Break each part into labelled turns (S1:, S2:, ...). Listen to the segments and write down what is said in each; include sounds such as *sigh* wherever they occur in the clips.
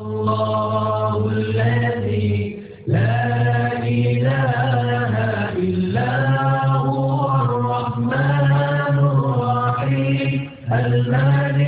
S1: الله الذي لا إله إلا هو الرحمن الرحيم المالك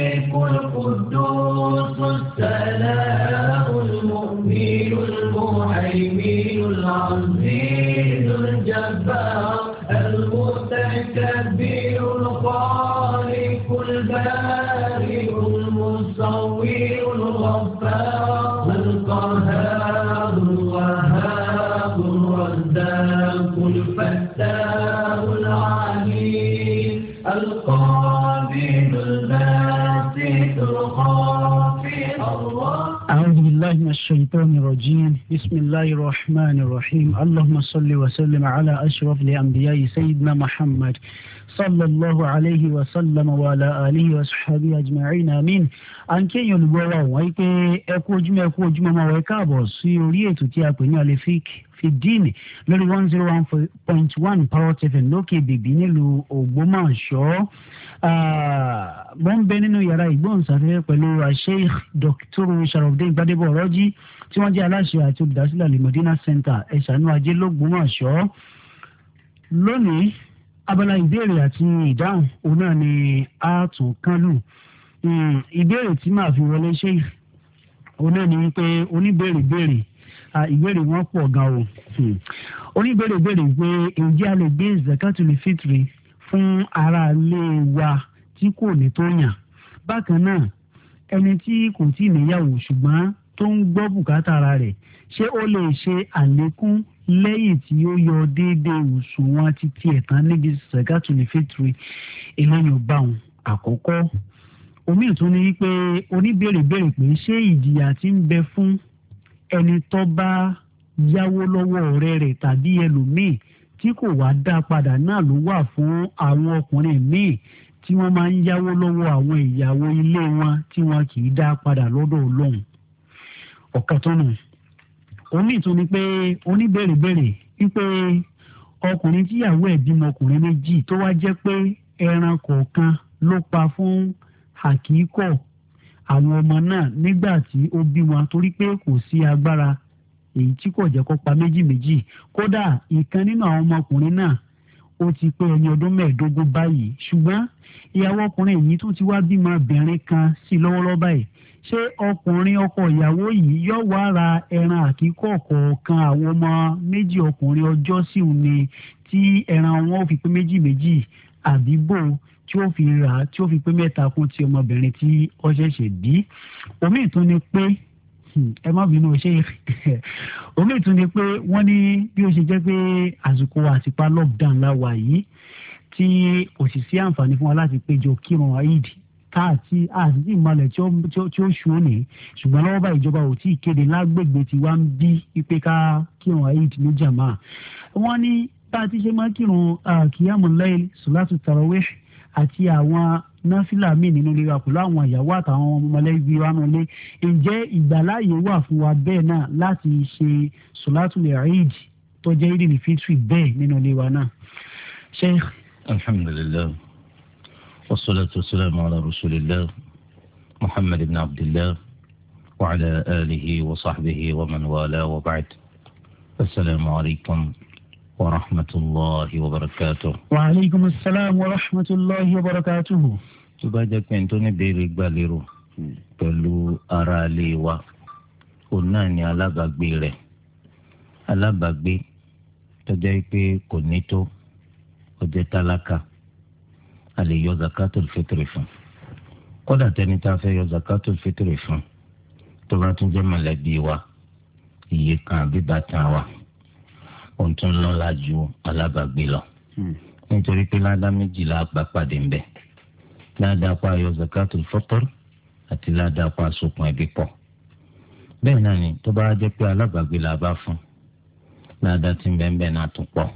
S1: الرحيم اللهم صل وسلم على أشرف الأنبياء سيدنا محمد صلى الله عليه وسلم وعلى آله وصحبه أجمعين آمين an kéèyàn olùgbọ́ra wọ́n yí pé ẹ kú ojúmọ́ ẹ kú ojúmọ́ máa wọ ẹ káàbọ̀ sí orí ètò tí a pè ní alefik fidini lórí one zero one point one power seven lókè bèbí nílùú Ògbómọ̀ṣọ́ wọ́n ń bẹ nínú yàrá ìgbóhùnsáfẹ́fẹ́ pẹ̀lú Sheikh Dr. Sharafdin Gbadebo Ọ̀rọ́jì tí wọ́n jẹ́ aláṣẹ àti olùdásílẹ̀ ní Center ẹ̀sánú ajé lọ́gbọ́mọ̀ṣọ́ lónìí abala ìbéèrè àti ìdáhùn òun náà ni a tún kánlù hmm, ìbéèrè tí màá fi wọlé ṣe òun náà ni wípé oníbèrè béèrè ìbéèrè wọn pọ̀ gan o hmm. oníbèrè béèrè pé ǹjẹ́ a gbé zakatul fitri fún aráalé wa tí kò ní tó yàn bákan náà ẹni tí kò tí ì níyàwó ṣùgbọ́n tó ń gbọ́ bùkátà ara rẹ̀ ṣé ó lè ṣe àlékún lẹ́yìn tí ó yọ déédéé òṣùwọ̀n àti ti ẹ̀tàn níbi sẹ̀gátù ní fẹ́tìrì eléyìí bá wọn àkọ́kọ́ omi ìtún ni pé oníbèrèbèrè pé ṣé ìjìyà ti ń bẹ fún ẹni tó bá yáwó lọ́wọ́ ọ̀rẹ́ rẹ̀ tàbí ẹlòmíì tí kò wá dá padà náà ló wà fún àwọn ọkùnrin míì tí wọ́n máa ń yáwó lọ́wọ́ àwọn ìyàwó ilé wọn tí wọn kì í dá padà lọ́dọ̀ Ọlọ́run ọ̀kan tó nù. òní ìtún ni pé oníbèrèbèrè wípé ọkùnrin tíyàwó ẹ̀ bímọ ọkùnrin méjì tó wá jẹ́ pé ẹran kọ̀ọ̀kan ló pa fún àkíkọ̀ àwọn ọmọ náà nígbà tí ó bí wọn torí pé kò sí agbára èyí tí kò jẹ́ pa méjì méjì kódà ìkan nínú àwọn ọmọkùnrin náà ó ti pé ẹni ọdún mẹ́ẹ̀ẹ́dógún báyìí ṣùgbọ́n ìyàwó ọkùnrin yìí tún ti wá bímọ obìnrin kan sí lọ́wọ́lọ́wọ́ báyìí ṣé ọkùnrin ọkọ ìyàwó yìí yóò wá ra ẹran àkíkọ̀ kọ̀ọ̀kan àwọn ọmọ méjì ọkùnrin ọjọ́ sí ni tí ẹran wọn fi pé méjì méjì àbíbò tí ó fi rà tí ó fi pé mẹ́ta kún ti ọmọbìnrin tí ó ṣẹ̀ṣẹ̀ bí omi ìtún ni pé hmm, ẹ má bínú ṣe *laughs* omi ìtún ni pé wọ́n ní bí ó ṣe jẹ́ pé àsìkò àtìpá lockdown la wà yìí tí kò sì sí àǹfààní fún wa láti péjọ kírun aid káàtì àti ìmọ̀lẹ̀ tí ó ṣù ó ní ṣùgbọ́n lọ́wọ́ báyìí ìjọba ò tí ì kéde lágbègbè tí wàá ń bí ipe ká kírun eid ní jàmá. wọ́n ní bá a ti ṣe máa kírun kíyàmù láyl sùlátù tarawih àti àwọn náfìlà míì nínú ilé wa pẹ̀lú àwọn ìyàwó àtàwọn ọmọlẹ́bí wa nílé ǹjẹ́ ìgbàláyè wà fún wa bẹ́ẹ̀ náà láti ṣe sùlátù eid tó jẹ́ ìdìní fitri bẹ́ẹ̀ nínú ilé wa náà. sheikh
S2: alhamdulillah والصلاة والسلام على رسول الله محمد بن عبد الله وعلى آله وصحبه ومن والاه وبعد السلام عليكم ورحمة الله وبركاته
S1: وعليكم السلام ورحمة الله وبركاته
S2: تبعد bá jẹ́ pé nítorí béèrè gbà lérò pẹ̀lú ara ilé wa òun náà ni alábàágbé a lè yọ zakatul fitiri fún kódà tẹni tá a fẹ́ yọ zakatul fitiri fún tó bá tún jẹ́ mọ̀lẹ́bí wa iye kan àbí bàtàn wa òun tún lọ́la ju alábàgbé lọ hmm. nítorí pé ládá méjìlá àgbàpàdé ń bẹ ládá pa yọ zakatul fitiri àti ládá pa sokùn ẹbí pọ̀ bẹ́ẹ̀ náà ni tó bá jẹ́ pé alábàgbé la bá fún ládá tí ń bẹ́ẹ̀ bẹ́ẹ̀ náà tún pọ̀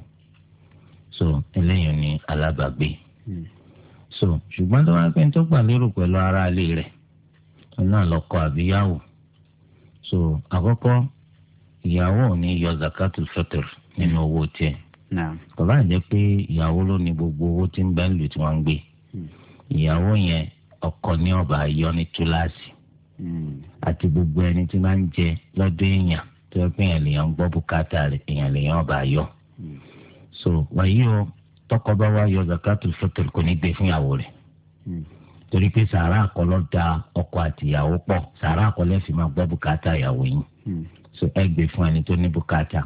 S2: so eléyìí ni alábàgbé. Hmm. so ṣùgbọ́n tó bá pẹ́ tó gbà lérò pẹ̀lú ara ilé rẹ̀ náà lọ́kọ àbíyáwó so àkọ́kọ́ ìyàwó ò ní yọ zakatul fitr nínú owó tiẹ̀ bàbá àjẹ́ pé ìyàwó ló ni gbogbo owó tí ń bẹ ń lù tí wọ́n ń gbé hmm. ìyàwó yẹn ọkọ ní ọba yọ ní túláàsì hmm. àti gbogbo ẹni tí máa ń jẹ lọ́dọ̀ èèyàn tó yẹ pé èèyàn lèèyàn ń gbọ́ ọba yọ hmm. so tọkọ bá wá yọ zakatul fitr kò ní gbé fún ìyàwó rẹ̀ hmm. torí pé sàrà àkọlọ da ọkọ àti ìyàwó pọ̀ sàrà àkọlẹ sì máa gbọ́ bùkátà ìyàwó yín hmm. so ẹ gbé fún ẹni tó ní bùkátà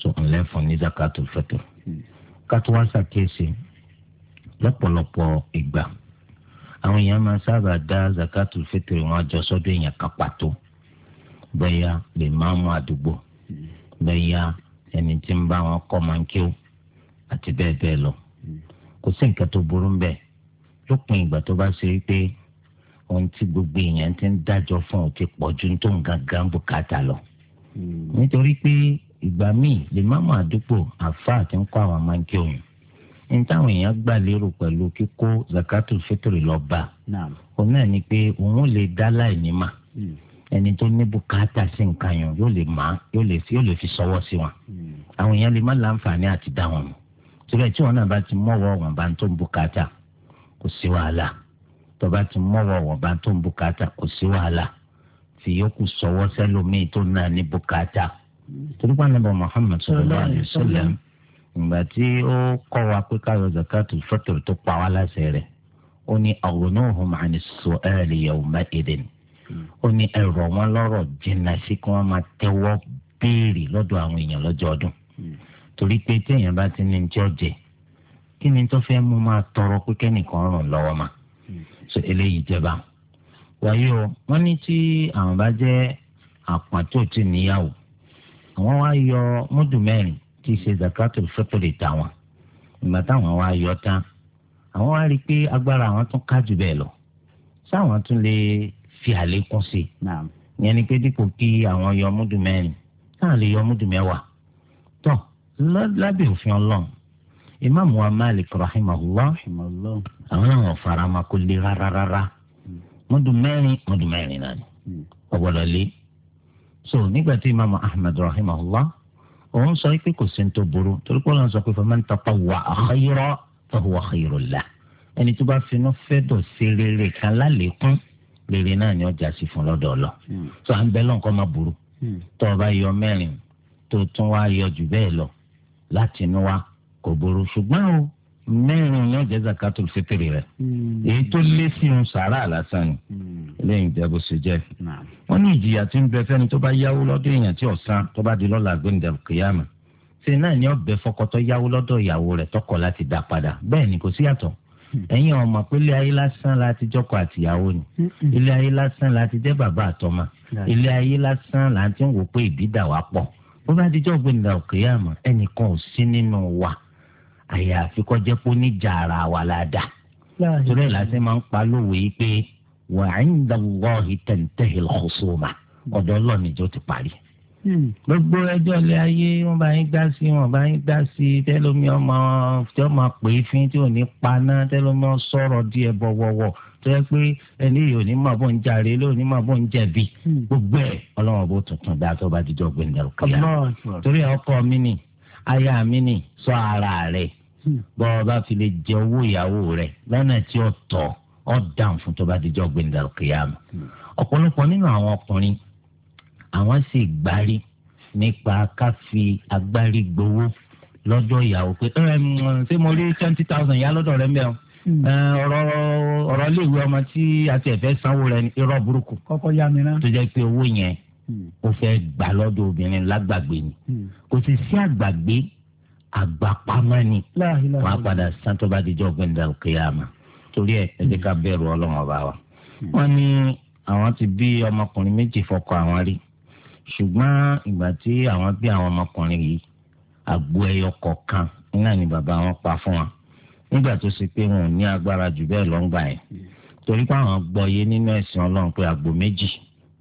S2: so ńlẹ fún ní zakatul fitr hmm. kátó wá ṣàkíyèsí lọ́pọ̀lọpọ̀ ìgbà àwọn èèyàn máa sábà dá zakatul fitr wọn jọ sọ́dọ̀ èèyàn kan pàtó bẹ́ẹ̀ ya lè máa mú àdúgbò bẹ́ẹ̀ ya ẹni tí ń bá wọn kọ́ máa ń kí o àti bẹ́ẹ̀ bẹ́ẹ̀ lọ kò sí nǹkan tó burú bẹ́ẹ̀ lópin ìgbà tó bá ṣe wípé ohun tí gbogbo èèyàn ti ń dájọ́ fún ọ ti pọ̀ ju tó ń gangan bùkátà lọ hmm. nítorí pé ìgbà míì lè má mọ àdúgbò àfáà ti ń kọ́ àwọn máa ń kí òun ní táwọn èèyàn gbà lérò pẹ̀lú kíkó zakato fitiri lọ bá òun náà ni pé òun lè dá láì ní mà hmm. ẹni tó ní bùkátà sí nǹkan yẹn yóò lè má yóò lè fi sọwọ́ sí wọn hmm. àwọn èèyàn lè má láǹfààní àti dá wọn mọ̀ síbẹ̀ tí wọn náà bá ti mọ̀wọ́ wọn bá ń tó ń bùkátà kò sí wàhálà tó bá ti mọ̀wọ́ wọn bá ń tó ń bùkátà kò sí wàhálà fi yókù sọwọ́ sẹ́lómi tó náà ní bùkátà torí pé anábọ̀ Muhammad sallallahu alayhi wa sallam ìgbà tí ó kọ́ wa pé ká yọ zakat fitr tó pa wá láṣẹ rẹ̀ ó ní aghnūhum ani su'āli yawma'idhin ó ní ẹ̀rọ wọn lọ́rọ̀ jìnnà sí kí wọ́n máa tẹ́wọ́ béèrè lọ́dọ̀ àwọn èèyàn lọ́jọ́ ọdún torí pé téèyàn bá ti ní jẹ́ ọ̀jẹ̀ kí ni tó fẹ́ mú máa tọrọ pé kẹ́nìkan ràn lọ́wọ́ mà so eléyìí jẹba wàyí o wọ́n ní tí àwọn bá jẹ́ àpàtó tí níyàwó àwọn wá yọ mọ́dù mẹ́rin tí í ṣe zakatul fẹ́tọ̀lì táwọn ìgbà táwọn wá yọ tán àwọn wá rí i pé agbára àwọn tún ká jù bẹ́ẹ̀ lọ sáwọn tún lè fi àlékún sí i yẹn ni pé dípò kí àwọn yọ mọ́dù mẹ́rin táwọn lè yọ mọ́dù mẹ́wàá tán lábẹ́ òfin ọlọ́run imaamu wa malik rahimahullah àwọn náà fara ma kó lé rárára mọ́dún hmm. mẹ́rin mọ́dún mẹ́rin náà ni hmm. ọ̀gbọ́dọ̀ lé so nígbà tí imaamu ahmed rahimahullah òun sọ pé kò sí ní tó burú torí pé ọlọ́run sọ pé faman tatawwa'a khayran fahuwa khayrun lahu ẹni tó bá finú fẹ́ dọ̀ sí rere kan lálẹ́kún rere náà ni ọjà sí fún lọ́dọ̀ lọ. Hmm. sọ à ń bẹ lọ́nkọ́ máa burú tó o bá yọ mẹ́rin tó tún wá yọ jù bẹ́ẹ̀ lọ láti inú wa kò burú ṣùgbọ́n o mẹ́rin ní ọjà zakatul fitiri rẹ̀ hmm. èyí tó lé sí un sàrà lásán ni hmm. lẹ́yìn ìjẹ́bù sí jẹ́ wọ́n ní ìjìyà tí ń bẹ fẹ́ni tó bá yáwó lọ́dọ̀ èèyàn tí ọ̀sán tó bá di lọ́la gbẹ̀ǹdà kìyàmù ṣe náà ni ọbẹ̀ fọkọtọ́ yáwó lọ́dọ̀ ìyàwó rẹ̀ tọkọ láti dá padà bẹ́ẹ̀ ni kò sí yàtọ̀ hmm. ẹ̀yin ọmọ pé ilé ayé lásán láti jọkọ àtìyàwó ni ilé ayé lásán láti jẹ́ bàbá àtọmọ ilé ayé lásán láti ń wò pé ìbí dà wá pọ̀ bó bá dijọ́ gbẹ̀ngà òkè àmọ́ ẹnìkan ò sí nínú wa àyàfi kó jẹ́ pé oníjà ara wa la torí ẹ̀ lásán máa ń pa lówe yìí pé wa inda Allahi tantahi al-khusuma ọ̀dọ̀ ọlọ́ọ̀nìjọ́ ti parí. Hmm. gbogbo ẹjọ́ ilé ayé wọ́n bá yín dá sí wọ́n bá yín dá sí tẹ́lómi ọmọ tí ọmọ pè é fín tí ò ní paná tẹ́lómi ọ sọ̀rọ̀ díẹ̀ bọ̀wọ̀wọ̀ tó yẹ pé ẹni yìí ò ní mọ̀ bó ń jàre ló ní mọ̀ bó ń jẹ̀bi hmm. gbogbo ẹ̀ ọlọ́wọ́n bó tuntun dá tó bá dijọ́ gbé nílò kíá torí ọkọ mi ni aya mi ni sọ ara rẹ hmm. bọ́ ọ bá fi lè jẹ owó ìyàwó rẹ lọ́nà tí ó tọ́ ọ dáhùn fún tó bá dijọ́ gbé nílò kíá àwọn sì gbárí nípa ká fi agbárí gbowó
S1: lọ́jọ́ ìyàwó pé mm, ṣé mo rí twenty thousand yá lọ́dọ̀ rẹ mẹ́rin hmm. ọ̀rọ̀ ọ̀rọ̀ iléèwé ọmọ tí a ti ẹ̀fẹ́ sanwó rẹ ní irọ́ burúkú. kọ́kọ́ yá mi náà. tó jẹ́ pé owó yẹn
S2: hmm. ó fẹ́ gbà lọ́dọ̀ obìnrin lágbàgbé ni hmm. kò sì sí àgbàgbé àgbàpamọ́ ni wọ́n á padà san tó bá dijọ́ gbẹ̀ndà kíyámà torí ẹ̀ ẹ jẹ́ ká bẹ̀rù ọlọ́run ọba wa. wọ́n ní àwọn ti bí ọmọkùnrin méjì fọ́kọ àwọn rí ṣùgbọ́n ìgbà tí àwọn bí àwọn ọmọkùnrin yìí àgbo ẹyọ kọ̀ọ̀kan náà ni bàbá wọn pa fún wa nígbà tó ṣe pé wọn ò ní agbára jù bẹ́ẹ̀ lọ́ngbà yẹn torí pé àwọn gbọ́yé nínú ẹ̀sìn ọlọ́run pé àgbo méjì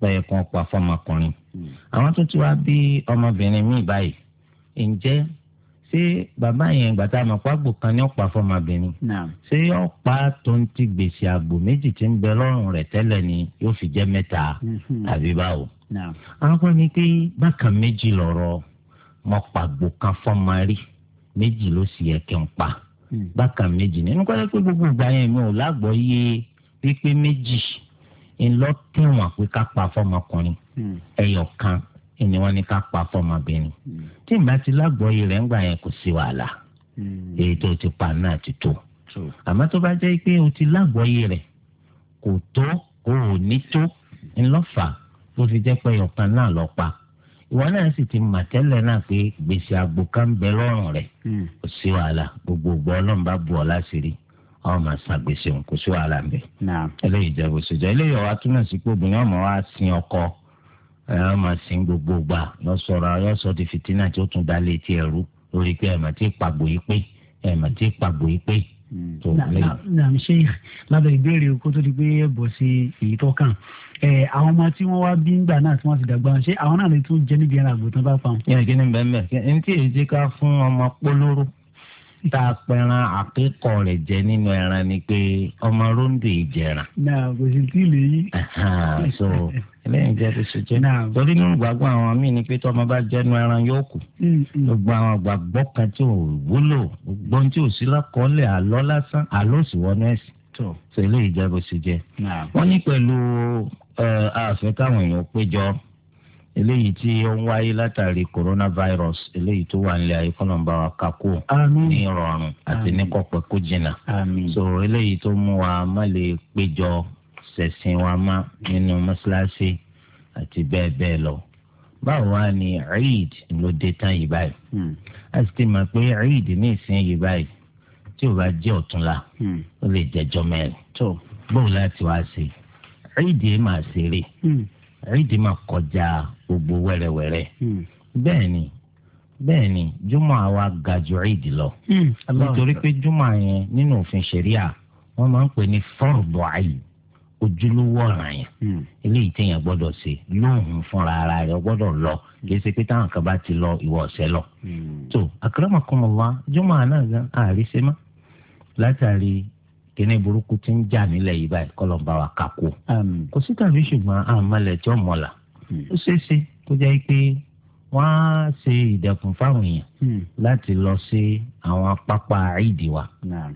S2: lọ́yẹ kan pa fọ́mọkùnrin hmm. àwọn tó ti wá bí ọmọbìnrin míì báyìí ǹjẹ́ ṣé bàbá yẹn ìgbà tá a mọ̀ pé àgbò kan ní ọ̀pá fọmọbìnrin ṣé yóò pa tó ń ti gbèsè àgbò méjì tí ń bẹ lọ́rùn rẹ̀ tẹ́lẹ̀ ni yóò fi jẹ́ mẹ́ta
S3: mhm. àbí báwo.
S2: àwọn ni pé bákan méjì lọ̀rọ̀ mọ̀ pàgbò kan fọmọ rí méjì ló sì yẹ kí n pa hmm. bákan méjì nínú kọ́lẹ́ pé gbogbo ìgbà yẹn mi ò lágbọ́ yé wípé méjì ńlọ tẹ̀wọ̀n pé ká pa fọmọkùnrin hmm. ẹyọ kan ìní wọn ni ká pa fọmọbìnrin tí ìgbà tí lágbọ́yé rẹ̀ ń gbà yẹn kò sí wàhálà hmm. èyí tó ti pa náà ti tó àmọ́ tó bá jẹ́ pé o ti lágbọ́yé rẹ̀ kò tó o ò ní tó ńlọ́fà tó fi jẹ́ pé ọ̀kan náà lọ pa ìwọ náà sì ti mà tẹ́lẹ̀ náà pé gbèsè àgbo ká bẹ lọ́rùn rẹ̀ hmm. kò sí wàhálà gbogbogbò ọlọ́run bá bu ọ láṣìírí àwọn máa san gbèsè òun kò sí wàhálà ń eléyìí jẹ́ bó ṣe jẹ́ eléyìí ọ̀wá túmọ̀ sí pé obìnrin ọmọ wa sin ọkọ ẹ̀rọ máa sin gbogbo gbà lọ́sọ̀rọ̀ ayọ́sọ̀ di fìtínà tí ó tún dá létí ẹ̀rú lórí pé ẹ̀mọ̀ tí pàgbò yìí pé ẹ̀mọ̀ tí pàgbò yìí pé.
S1: nàá ṣe lábẹ́ ìbéèrè kó tó di pé ẹ bọ̀ sí èyí tó kàn àwọn ọmọ tí wọ́n wá bí ńgbà náà tí wọ́n ti dàgbà ṣé àwọn náà lè tún jẹ́ níbi ẹran àgbò tán bá pa wọn. yẹ́n kí
S2: ni bẹ́ẹ̀ mẹ́ ní tí èyí ká fún ọmọ polówó tá a pẹran àkíkọ rẹ̀ jẹ nínú ẹran ni pé ọmọ rondo ìjẹran.
S1: náà kò sì tí ì lè yí.
S2: so eléyìí jẹ tó So, jẹ torí nínú gbàgbọ́ àwọn míì ni pé tí ọmọ bá jẹnu ẹran yóò kù mm, mm. gbogbo àwọn gbàgbọ́ kan tí ò wúlò gbọ́n tí ò sí lákọọ́lẹ̀ àlọ́ lásán àlọ́ sì wọ́n nẹ́ẹ̀sì tó eléyìí jẹ bó ṣe jẹ. wọ́n ní pẹ̀lú àfẹ́ èèyàn péjọ eléyìí tí ó ń wáyé látàrí coronavirus eléyìí tó wà nílẹ̀ ayé kọ́nà bá wa ká kó ní ìrọ̀rùn àti ní kọ̀pẹ́ kó jìnnà so eléyìí tó mú wa má lè péjọ ṣẹ̀sìn wa má nínú mọ́ṣáláṣí àti bẹ́ẹ̀ bẹ́ẹ̀ lọ báwo wá ni eid ló dé tán yìí báyìí hmm. a sì ti mọ̀ pé eid ní ìsìn yìí báyìí tí ò bá jẹ́ ọ̀túnla hmm. ó lè jẹ́jọ́ mẹ́rin bóun láti wá sí eid yìí máa ṣeré ìdí ma kọjá gbogbo wẹ́rẹ́wẹ́rẹ́ hmm. bẹ́ẹ̀ ni bẹ́ẹ̀ ni júmọ̀ àwa ga ju ìdí lọ hmm. nítorí pé júmọ̀ yẹn nínú òfin ṣẹ̀ríà wọ́n máa ń pè ní fọ́ọ̀dù àyè ojúlówó ọ̀ràn yẹn hmm. eléyìí téèyàn gbọ́dọ̀ ṣe lóhùn fúnra ara rẹ̀ gbọ́dọ̀ lọ kìí ṣe pé táwọn kan bá ti lọ ìwọ ọ̀sẹ̀ lọ. tó àkàràmọ̀kọ́mọ̀ wa júmọ̀ àná àrísẹ́ mọ́ látàrí kíní burúkú ti ń jà nílẹ̀ yìí báyìí kọ́lọ̀ wa kà kó. kò sí tàbí ṣùgbọ́n àmọ́lẹ̀ tí ó mọ̀lá hmm. ó ṣeé ṣe kó jẹ́ pé wọ́n á ṣe ìdẹ̀kùn fáwọn èèyàn hmm. láti lọ sí àwọn pápá ìdí wa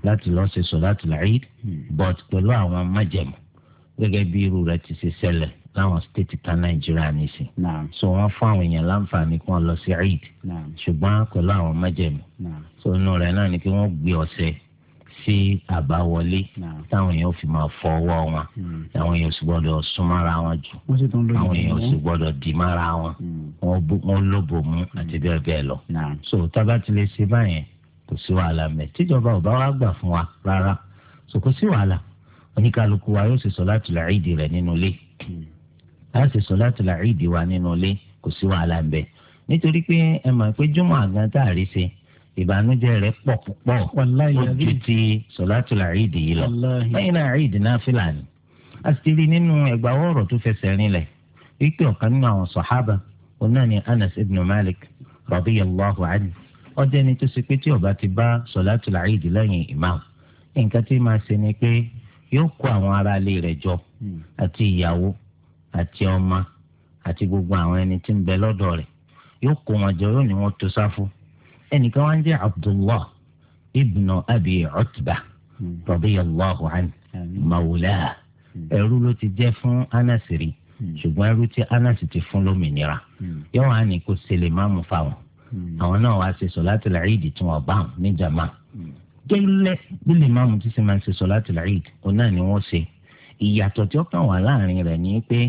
S2: láti lọ ṣe sọ̀láàtì láìd hmm. but pẹ̀lú àwọn májẹ̀mú gẹ́gẹ́ bí irú rẹ̀ ti ṣe ṣẹlẹ̀ láwọn stéètì kan nàìjíríà nìsín so wọ́n fún àwọn èèyàn láǹfààní kí wọ́n lọ sí ìdí ṣùgbọ́n pẹ̀lú àwọn májẹ̀mú so inú rẹ̀ náà ni kí wọ́n gbé ọ̀sẹ̀ sí àbáwọlé táwọn èèyàn fi máa fọ ọwọ́ wọn hmm. àwọn èèyàn sì gbọ́dọ̀ súnmọ́ra wọn jù àwọn èèyàn sì gbọ́dọ̀ dì mára wọn hmm. wọn lóbò mú àti hmm. bẹ́ẹ̀ bẹ́ẹ̀ lọ. so tábà ti lè ṣe báyẹn kò sí wàhálà mẹ́ tíjọba ò bá wá gbà fún wa rárá so kò sí wàhálà oníkálukú wa yóò ṣe sọ̀látul Ìdì rẹ̀ nínú ilé láti ṣe sọ̀látul Ìdì wa nínú ilé kò sí wàhálà ń bẹ nítorí pé ẹ mọ̀ pé jùmọ̀ àgàn tá ìbànújẹ́ rẹ̀ Ọ púpọ̀ ojú ti sọlátù làrídì yìí lọ lẹ́yìn náà àrídì náà fìlàní a sì nínú ẹgbàáwọ ọ̀rọ̀ tó fẹsẹ̀ rinlẹ̀ wípé nínú àwọn sọhábà ni anas ibn malik radiyallahu anhu ọjọ́ ẹni tó ṣe pé tí ó ti bá sọlátù làrídì lẹ́yìn imam nǹkan tí máa ṣe ni pé yóò kó àwọn ará ilé hmm. gbogbo àwọn ẹni tí ń bẹ lọ́dọ̀ yóò kó wọn jọ yóò ẹnìkan wá ń jẹ́ abdullah ibn abi utba radiyallahu anhu mawula hmm. ẹrú ló ti jẹ́ fún anasiri hmm. ṣùgbọ́n ẹrú tí anasi ti fún lómìnira hmm. yóò wá ní kó sele máàmù fáwọn àwọn náà wá ṣe solatul Eid tí wọ́n bá wọn ní jama gẹ́lẹ́ bí lè máàmù tí sì máa ń ṣe solatul Eid òun náà ni wọ́n ṣe ìyàtọ̀ tí ó kàn wá láàrin rẹ̀ ni pé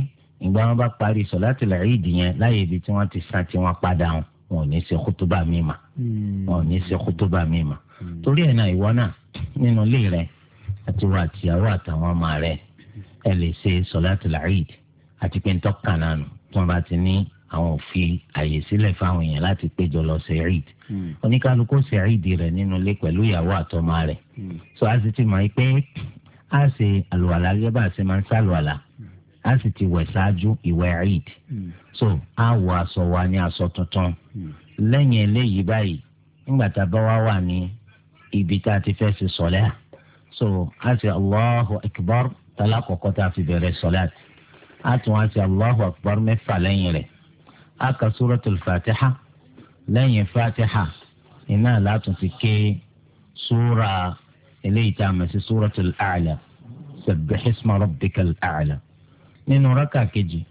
S2: ìgbà wọn bá parí solatul Eid yẹn láyé ibi tí wọ́n ti san tí wọ́n padà wọn wọn ò ní ṣe kútúbà míì mà hmm. wọn ò ní ṣe kútúbà míì mà hmm. torí ẹ̀ náà ìwọ náà nínú ilé rẹ àti wà àtìyàwó àtàwọn ọmọ rẹ ẹ lè ṣe sọláàtì làáyid àti pé ntọ́ka náà nù tí wọ́n bá ti ní àwọn òfin àyè sílẹ̀ fáwọn èèyàn láti péjọ lọ ṣe eid hmm. oníkálukú ṣe eid rẹ nínú ilé pẹ̀lú ìyàwó àtọmọ rẹ so a sì ti mọ̀ pé a ṣe àlùwàlà gẹ́gẹ́ bá a ṣe máa ń ṣàlùwàlà a sì ti wẹ̀ ṣáájú ìwẹ̀ eid hmm. so a wọ aṣọ wa ní aṣọ tuntun hmm. lẹ́yìn eléyìí báyìí nígbà tá a bá wá wà ní ibi tá a ti fẹ́ ṣe sọ̀lẹ́ à so a ṣe allahu akbar tala kọ̀kọ́ tá a fi bẹ̀rẹ̀ sọ̀lẹ́ àti a tún a ṣe allahu akbar mẹ́fà lẹ́yìn rẹ̀ a kà suratul fatiha lẹ́yìn fatiha iná látún ti ké súra eléyìí tá a mọ̀ sí suratul a'la sabbihisma rabbikal a'la nínú rákà kejì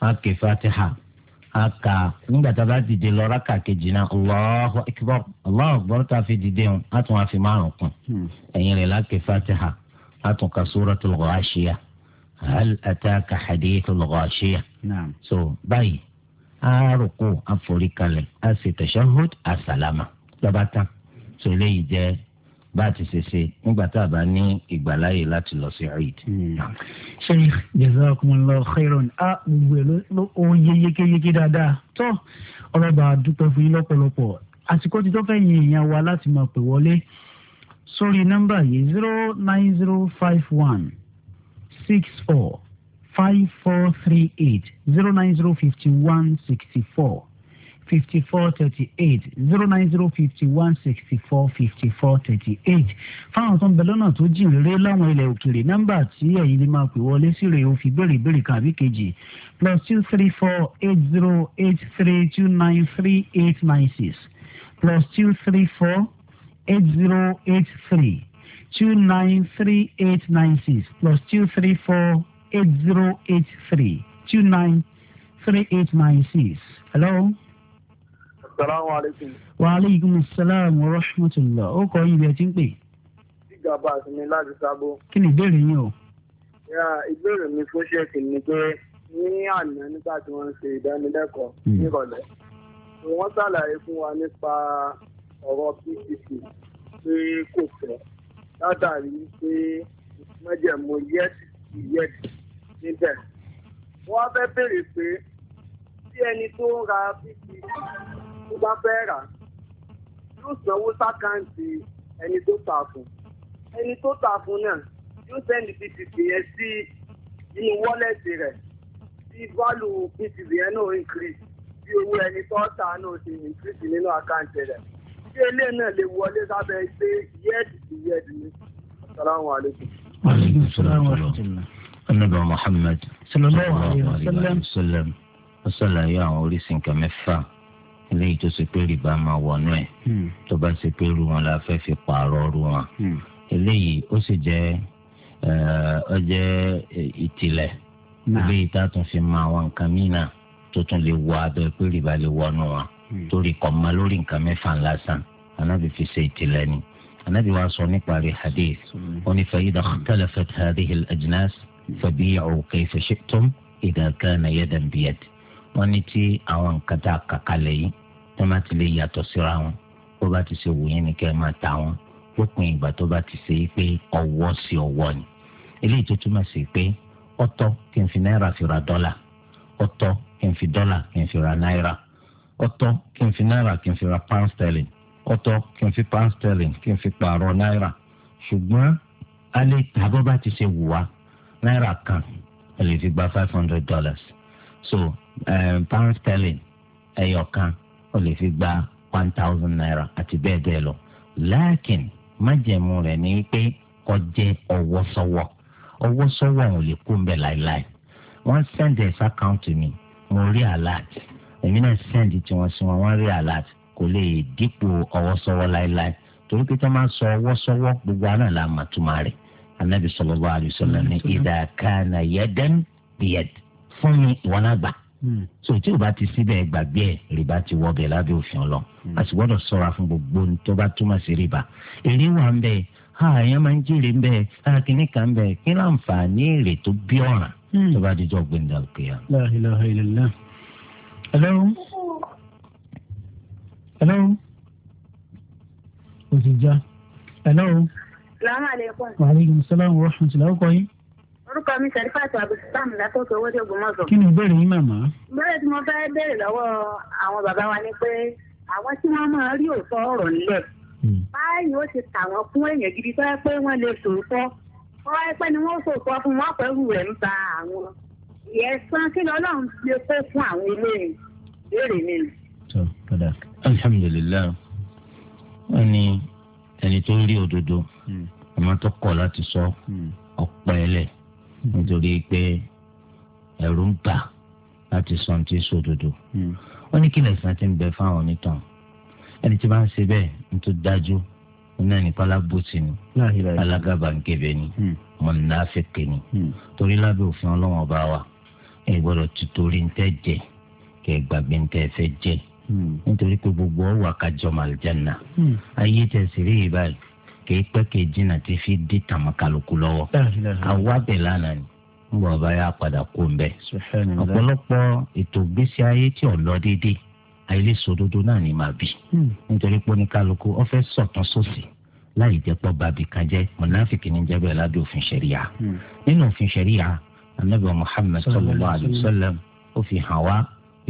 S2: a ké fatiha a kà nígbà tá a bá dìde lọ rákà kejì náà Allahu akbar Allahu akbar tá a fi dìde hàn a tún a fi márùn kún hmm. ẹ̀yìn rẹ̀ la fatiha a tún ka suratul ghashiyah hal ataka hadithul ghashiyah so báyìí a rò kó a forí kalẹ̀ a sì tashahhud a sàlámà lọ́ba tán so eléyìí jẹ́ bá a ti ṣe ṣe nígbà tá a bá ní ìgbàláyè láti lọ sí eid.
S1: Hmm. sheikh jazakumullahu khairan a gbogbo ẹ ló ohun yé yékéyéké dáadáa tó ọlọ́ba dúpẹ́ fún yín lọ́pọ̀lọpọ̀ àsìkò tí tó fẹ́ yin èèyàn wa láti máa pè wọlé sórí nọ́mbà yìí zero nine zero five one six four five four three eight zero nine zero fifty one sixty four fifty four thirty eight zero nine zero fifty one sixty four fifty four thirty eight fáwọn tó ń bẹ lọ́nà tó jìn réré láwọn ilẹ̀ òkèèrè nọ́mbà tí ẹ̀yin lè máa pè wọlé sí rèé o fi béèrè ìbéèrè kan àbí kejì plus two three four eight zero eight three two nine three eight nine six plus two three four eight zero eight three two nine three eight nine six plus two three four eight zero eight three two nine three eight nine six hello
S4: salaamaleykum.
S1: wa aleykum salaam wa rahmatulah ó kọ ibi ẹ ti ń pè.
S4: ìjọba àsìmí láti sábó.
S1: kí ni ìbéèrè yín o.
S4: ìbéèrè mi fún ṣẹ́ẹ̀kì ni pé ní àná nígbà tí wọ́n ń ṣe ìdánilẹ́kọ̀ọ́ hmm. nírọ̀lẹ́ wọ́n ṣàlàyé fún wa nípa ọ̀rọ̀ pdp pé kò fẹ́ látàrí pé mọ́jẹ̀mú yẹ́tì yẹ́tì níbẹ̀ wọ́n fẹ́ béèrè pé tí ẹni tó ń ra pdp tó bá fẹ́ rà yóò sanwó sákàǹtì ẹni tó tà fún ẹni tó tà fún náà yóò sẹ́ni ptp yẹn sí inú wọ́lẹ̀tì rẹ̀ tí válù ptp yẹn náà increase bí owó ẹni tó tà náà ti increase nínú àkáǹtì rẹ̀ tí eléyìí náà lè wọlé sábẹ́ ṣe yẹ́ẹ̀dì sí yẹ́ẹ̀dì ni. asalaamu aleykum.
S1: aleykum salaam wa rahmatulah. anabi muhammad sallallahu alayhi wa sallam. sallallahu alayhi wa sallam. ó ṣàlàyé
S2: àwọn oríṣi nǹkan mẹ́fà eléyìí tó ṣe pé rìbá máa wọnú ẹ̀ hmm. tó bá ṣe pé irú wọn la fẹ́ fi pààrọ̀ irú wọn hmm. eléyìí ó sì jẹ́ ó jẹ́ ìtìlẹ̀ eléyìí tá a tún fi mọ àwọn nǹkan míì náà tó tún lè wọ abẹ́ pé rìbá lè wọnú wọn hmm. torí kọ́ ma lórí nǹkan mẹ́fà lásán anábì fi ṣe ìtìlẹ̀ ni anábì wa sọ nípa rẹ̀ hadith ó ní fa idha ikhtalafat hadhihi al-ajnas fabi'u kayfa shi'tum idha kana yadan biyad wọ́n ní tí àwọn nǹkan tá a kà kalẹ̀ yìí tó má ti lè yàtọ̀ síra wọn bó bá ti ṣe wù yín ni kẹ́ ẹ máa ta wọn lópin ìgbà tó bá ti ṣe é pé ọwọ́ sí ọwọ́ ni eléyìí tó túmọ̀ sí pé ọ̀tọ̀ kí n fi náírà fi ra dọ́là ọ̀tọ̀ kí n fi dọ́là kí n fi ra náírà ọ̀tọ̀ kí n fi náírà kí n fi ra pound sterling ọ̀tọ̀ kí n fi pound sterling kí n fi pààrọ̀ náírà ṣùgbọ́n alẹ́ tàbọ̀ bá ti ṣe wù wá náírà kan ẹ lè fi gba five hundred dollars so um, pound sterling ẹyọ kan ó lè fi gba one thousand naira àti bẹ́ẹ̀ bẹ́ẹ̀ lọ láàkìn májẹ̀mú rẹ̀ ni pé kó jẹ́ ọwọ́sọwọ́ ọwọ́sọwọ́ ò lè kú mbẹ́ láéláé wọ́n send ẹ̀ sàkáǹtì mi mo rí alert èmi náà send tiwọn sí wọn wọ́n rí alert kò lè dípò ọwọ́sọwọ́ láéláé torí pé tó máa sọ ọwọ́sọwọ́ gbogbo àná la màtúmá rẹ̀ anabi sallallahu alaihi wasallam ní idha kana yadan biyad fún mi ìwọ náà gbà hmm. so tí o bá ti síbẹ̀ gbàgbé ẹ̀ rìbá ti wọ́ bẹ̀ lábẹ́ òfin ọlọ́ hmm. a sì gbọ́dọ̀ sọ̀ra fún gbogbo tó bá túmọ̀ sí rìbá èrè wà ń bẹ àyàn máa ń jèrè ń bẹ kíní kan ń bẹ kí láǹfààní èrè tó bí ọ̀ràn hmm. tó bá dijọ́ gbẹ̀ndà òkèèyàn.
S1: la ilaha illallah. hello. hello. o ti hello.
S4: salaamaleykum. wa
S1: aleykum salaam wa rahmatulah. o kọ́ yín
S4: orúkọ mi sẹ́rífàtì abdulsalam látọ̀kọ̀ owó dégùn mọ́sọ̀. kí ni
S1: ìbéèrè yín màmá.
S4: bẹ́ẹ̀ tí mo fẹ́ béèrè lọ́wọ́ àwọn bàbá wa ni pé àwọn tí wọ́n máa rí òótọ́ ọ̀rọ̀ nílẹ̀ hmm. báyìí ó ti tà wọ́n fún èèyàn gidi tó yẹ pé wọ́n lè sòótọ́ ọwọ́ ẹgbẹ́ ni wọ́n sòótọ́ fún wọn pẹ̀lú rẹ̀ ń ba àwọn ìyẹ̀sán kí lọ́lọ́run lè kó fún àwọn ilé ìbéèrè mi.
S2: alhamdulilayi wọn ni ẹni tó rí òdodo hmm. àmọ́ tó kọ̀ láti sọ hmm. ọ̀pọ̀ ẹlẹ́ẹ̀ nítorí pé ẹ̀rù ń bà láti sọ ti sódodo ó ní kí lẹ́sìn ti ń bẹ fáwọn onítàn ẹni tí bá ń ṣe bẹ́ẹ̀ ń tó dájú náà ní pálábùtì ni alágàbàǹkebè ni mọ̀nàfẹ́kẹ́ ni hmm. hmm. torí lábẹ́ òfin ọlọ́wọ́n ọba wa ẹ gbọ́dọ̀ tutori ń tẹ́ jẹ kẹ gbàgbé ń tẹ́ fẹ́ jẹ hmm. nítorí pé gbogbo ọ̀wà kájọ màlìjánà ayé tẹ̀sí rí yìí báyìí kìí pẹ́ kìí jìnnà tí fi dí tàmọ́ kálukú lọ́wọ́ àwa bẹ̀ lánàá ni nbọ̀ ọba yà padà kó n bẹ̀ ọ̀pọ̀lọpọ̀ ètò gbèsè ayé tí ò lọ déédéé àìlè sòdodo náà ni màá bì hmm. nítorí pé oníkálukú ó fẹ́ sọ̀tún sósì láì jẹ́ pọ́ bàbí kan mọ̀nàfíkì ní jẹ́bẹ̀ lábẹ́ òfin ṣẹ̀ríya hmm. nínú òfin ṣẹ̀ríya anabi muhammed sallallahu alayhi ó fi hàn wá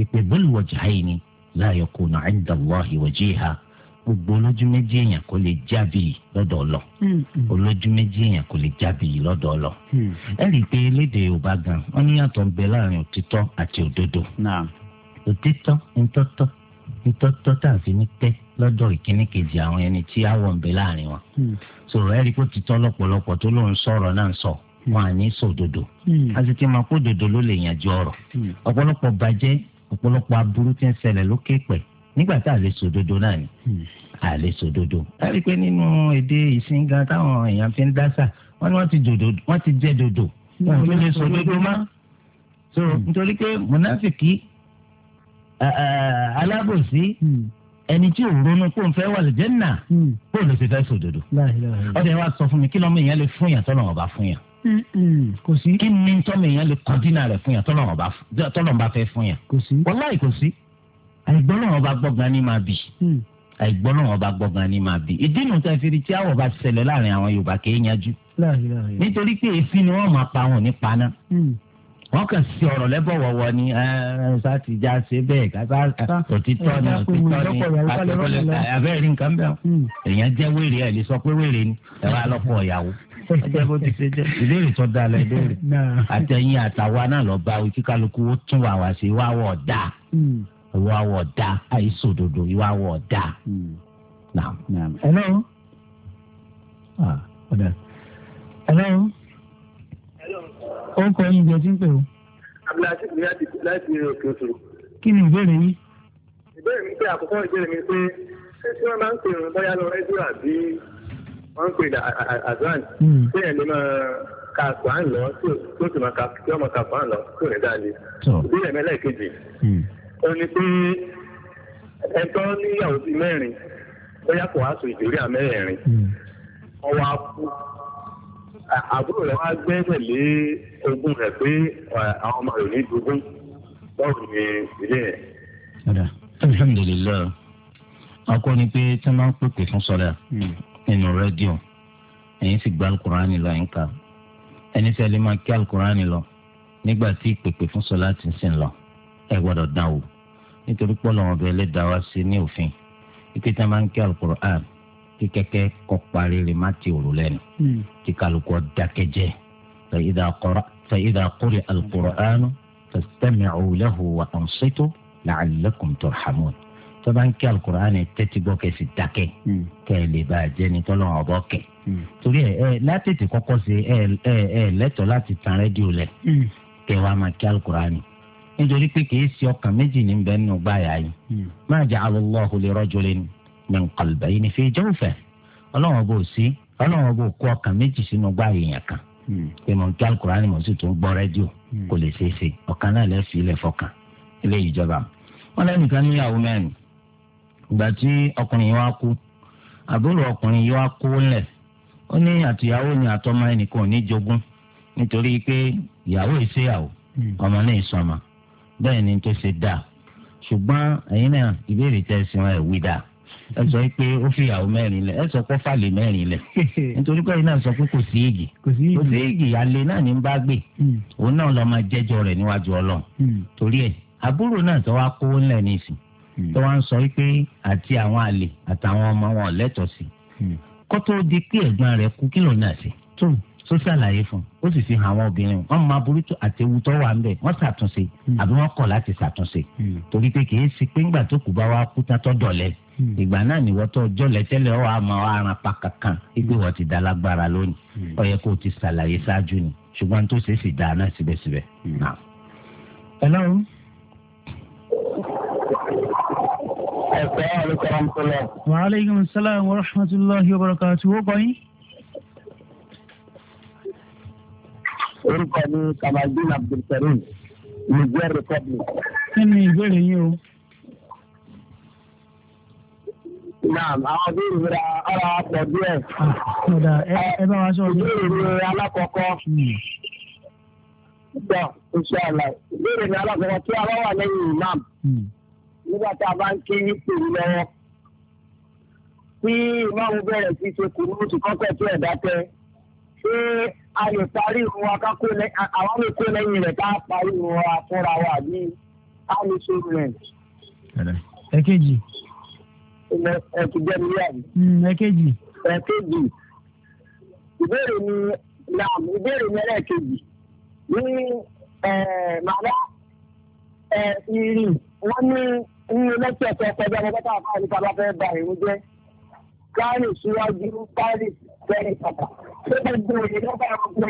S2: ìpè bul wajhayni la yakunu inda Allahi wajiha gbogbo olójú méjì èèyàn kò lè jábì lọ́dọ̀ ọlọ hmm. olójú méjì èèyàn kò lè jábì lọ́dọ̀ ọlọ. Hmm. ẹ rí i pé lédè yorùbá gan wọn ní yàtọ̀ ń bẹ láàrin òtítọ́ àti òdodo òtítọ́ ntọ́tọ́ ntọ́tọ́ tàbí ní pẹ́ lọ́dọ̀ ìkíní kejì àwọn ẹni tí àwọ̀ ń bẹ láàrin wọn. Hmm. sọ̀rọ̀ ẹ rí i pé òtítọ́ lọ́pọ̀lọpọ̀ tó lóun sọ̀rọ̀ náà sọ wọn à ní sòdodo a sì ló lè yànjú ọ̀rọ̀ ọ̀pọ̀lọpọ̀ bàjẹ́ ọ̀pọ̀lọpọ̀ aburú ti ń ṣẹlẹ̀ lókè pẹ̀ nígbà tá a lè sòdodo náà ni hmm. a lè sòdodo. a rí i pé nínú èdè ìsìn gan táwọn èèyàn fi ń dásà wọn ni wọn ti jẹ dodo
S1: hmm. wọn ò lè sòdodo mọ́. so hmm. nítorí pé mùnáfìkì alábòsí ẹni tí òun ronú kó n fẹ́ wà lẹ́jẹ̀nà
S2: kó lè fi fẹ́ sòdodo.
S3: ọ̀dọ̀
S2: yẹn wá sọ fún mi kí lọ́mọ èèyàn lè fún yàn tọ́lọ̀ ọ̀bá fún yàn. kò sí. kí ni tọ́mọ èèyàn lè kọ́ dínà rẹ̀ fún yàn tọ́lọ̀ ọ̀bá fẹ́ fún yàn. kò sí. wọ́n láì kò sí àìgbọ́n náà ọba gbọ́ngàn ní máa bì hmm. àìgbọ́n náà ọba gbọ́ngàn ní máa bì ìdí nu tẹ fi rí tí àwọ̀ bá ṣẹlẹ̀ láàrin àwọn Yorùbá kì í yanjú nítorí pé èéfín ni wọ́n máa pa wọn ní paná hmm. wọn kàn sí ọ̀rọ̀ lẹbọ wọwọ ni ẹsà ti já ṣe bẹ́ẹ̀ kàtà òtítọ́ ni òtítọ́ ni abẹ́rẹ́ nǹkan bẹ́ẹ̀ hmm. èèyàn jẹ́ wèrè ẹ̀ lè sọ pé wèrè ni ẹ wá lọ́pọ̀ ìyàwó *laughs* ìbéèrè tó da lẹ ìbéèrè *laughs* àtẹ̀yìn àtàwa náà lọ́ọ́ bá wí kíkálukú ó tún wà wá sí wá dáa ìwà àwọ̀ ọ̀dà àìsàn òdodo ìwà àwọ̀ hmm. ah, ọ̀dà. hello.
S1: Ah,
S4: hello. hello ó
S1: yín bí ẹ ń pè o.
S4: abdulhasi ni láti láti rẹ òkè òṣèlú.
S1: kí ni ìbéèrè yín.
S4: ìbéèrè mi pé àkọ́kọ́ ìbéèrè mi pé ṣé tí wọ́n máa ń pè ní bóyá lọ rédíò
S1: àbí wọ́n ń pè ní azan hmm. ṣé ẹ̀ lè máa ka kwan lọ tó sì máa ka kí wọ́n máa ka kwan lọ tó ní dáa lé. ìbéèrè mi lẹ́ẹ̀kejì. Hmm ẹni pé ẹjọ́ níyàwó sí mẹ́rin bóyá kò wá sùn ìdórí àmẹ́rin ọwọ́ akú àbúrò rẹ̀ wá gbẹ́sẹ̀ lé ogún rẹ̀ pé àwọn ọmọ rẹ̀ ní dogún bọ́ọ̀lù ní ilé rẹ̀.
S2: alhamdulilayi akọni pé tí wọn máa ń pèpè fún sọlá nínú rédíò ẹ̀yin sì gba alukurani lọ ẹ̀yin ká ẹni sẹ́ni máa kí alukurani lọ nígbà tí ìpèpè fún sọlá ti ń sìn lọ ẹ gbọ́dọ̀ dán nítorí pọ́nà ọ̀bẹ ẹlẹ́dàá wá sí ní òfin ike tí a máa ń kí alukur'an kí kẹ́kẹ́ kọ́ parí rẹ̀ má ti òrò lẹ́nu hmm. kí kálukú dákẹ́jẹ́ fa idha quri alukur'an fastami'u lahu wa ansitu la'allakum turhamun tó bá ń kí alukur'an tẹ́tí gbọ́ kẹ́sì dákẹ́ hmm. kẹ́ ẹ lè bá a jẹ́ ní tọ́lọ́ ọ̀bọ kẹ́ hmm. torí ẹ ẹ kọ́kọ́ sí ẹ ẹ lẹ́tọ̀ọ́ láti tan rédíò lẹ̀ kẹ́ wàá máa kí alukur'an nítorí pé kìí ṣe ọkàn méjì ní bẹ́ẹ̀ nù gbáyà yìí hmm. ma ja'ala Allahu li rajulin min qalbayni fi jawfihi ọlọ́run bò sí ọlọ́run bò kó ọkàn méjì sínú gbáyà yẹn kan hmm. pé mo ń kí alukurani mo sì tún gbọ́ rẹ́díò hmm. kò lè ṣeé ṣe ọkàn náà lè fi ilẹ̀ fọkàn ilé ìjọba wọn lẹ́nìkan níyàwó mẹ́rin ìgbà tí ọkùnrin yìí wá kú àbúrò ọkùnrin yìí wá kú lẹ̀ ó ní àtìyàwó ni àtọmọ ẹnìkan ò ní jogún nítorí pé ìyàwó ìṣèyàwó ọmọ náà ìsọmọ bẹ́ẹ̀ ni tó ṣe dáa ṣùgbọ́n ẹ̀yin náà ìbéèrè tẹ̀ sí wọn ẹ̀ wí dáa ẹ sọ pé ó fi ìyàwó mẹ́rin lẹ̀ ẹ sọ pé fàlẹ̀ mẹ́rin lẹ̀ *laughs* nítorí pé iná sọ pé kò sí èyí kò sí èyí alẹ́ náà ní bá gbé hmm. òun náà lọ máa jẹ́jọ́ rẹ̀ níwájú Ọlọ́run hmm. torí ẹ̀ àbúrò náà tó wá kówó ńlẹ̀ nísìn hmm. tó wá ń sọ pé àti àwọn àlè àtàwọn ọmọ wọn lẹ́tọ̀ọ́ sí kó tó di pé ẹ̀gbọ́n rẹ̀ kú kí náà ṣe tó ṣàlàyé fún ó sì fi hàn àwọn obìnrin wọn máa burú tó àtẹwù tó wà ń bẹ wọn ṣàtúnṣe hmm. àbí wọn kọ̀ láti ṣàtúnṣe hmm. torí pé kì í ṣe pé ńgbà tó kù bá wa kú tán tó dọ̀lẹ́ hmm. ìgbà náà ni wọ́n tó jọlẹ̀ tẹ́lẹ̀ ọ́ àmọ́ aràn pa kankan ipe wọ́n ti da lágbára lónìí ó yẹ kó o ti ṣàlàyé ṣáájú ni ṣùgbọ́n tó ṣe é sì dáa náà síbẹ̀síbẹ̀. hello.
S1: ẹ̀sẹ̀ àlùkò àǹkọ̀lẹ̀. wa aleykum salaam wa rahmatulahi wa barakatuh. wọ́n kọ́ yín. orúkọ mi kamaldeen abdulkareem niger republic. kí ni ìbéèrè yín o. Naam, àwọn bí ìrora ọ̀rọ̀ pọ̀ díẹ̀. Ọ̀dà ẹ bá wa sọ. Ìbéèrè mi alákọ̀ọ́kọ́. Hmm. Sọ ìṣọ̀lá. Ìbéèrè mi alákọ̀ọ́kọ́ tí a bá wà lẹ́yìn imam. Hmm.
S4: Nígbà tá a bá ń kí pèrè lọ́wọ́. Tí imam bẹ̀rẹ̀ sí ṣe kùnú ti kọ́kọ́ tí ẹ̀dá tẹ. Ṣé a lè parí irun wa ká kó lẹ́yìn àwọn lè kó lẹ́yìn rẹ̀ ká parí irun wa fúnra wa ní a lè ṣe rẹ̀. ẹ̀kejì. ẹ̀kejì ẹ̀kejì. ẹ̀kejì ìbéèrè mi naam ìbéèrè mi ẹlẹ́ẹ̀kejì ní màdá ìrì wọ́n ní nínú lẹ́sẹ̀ tó kọjá lọ́gbẹ́ta àfáà nípa bá fẹ́ ba ìrún jẹ́ kárì
S1: síwájú kárì sẹ́yìn padà ṣé gbogbo èyí ló bá wọn pè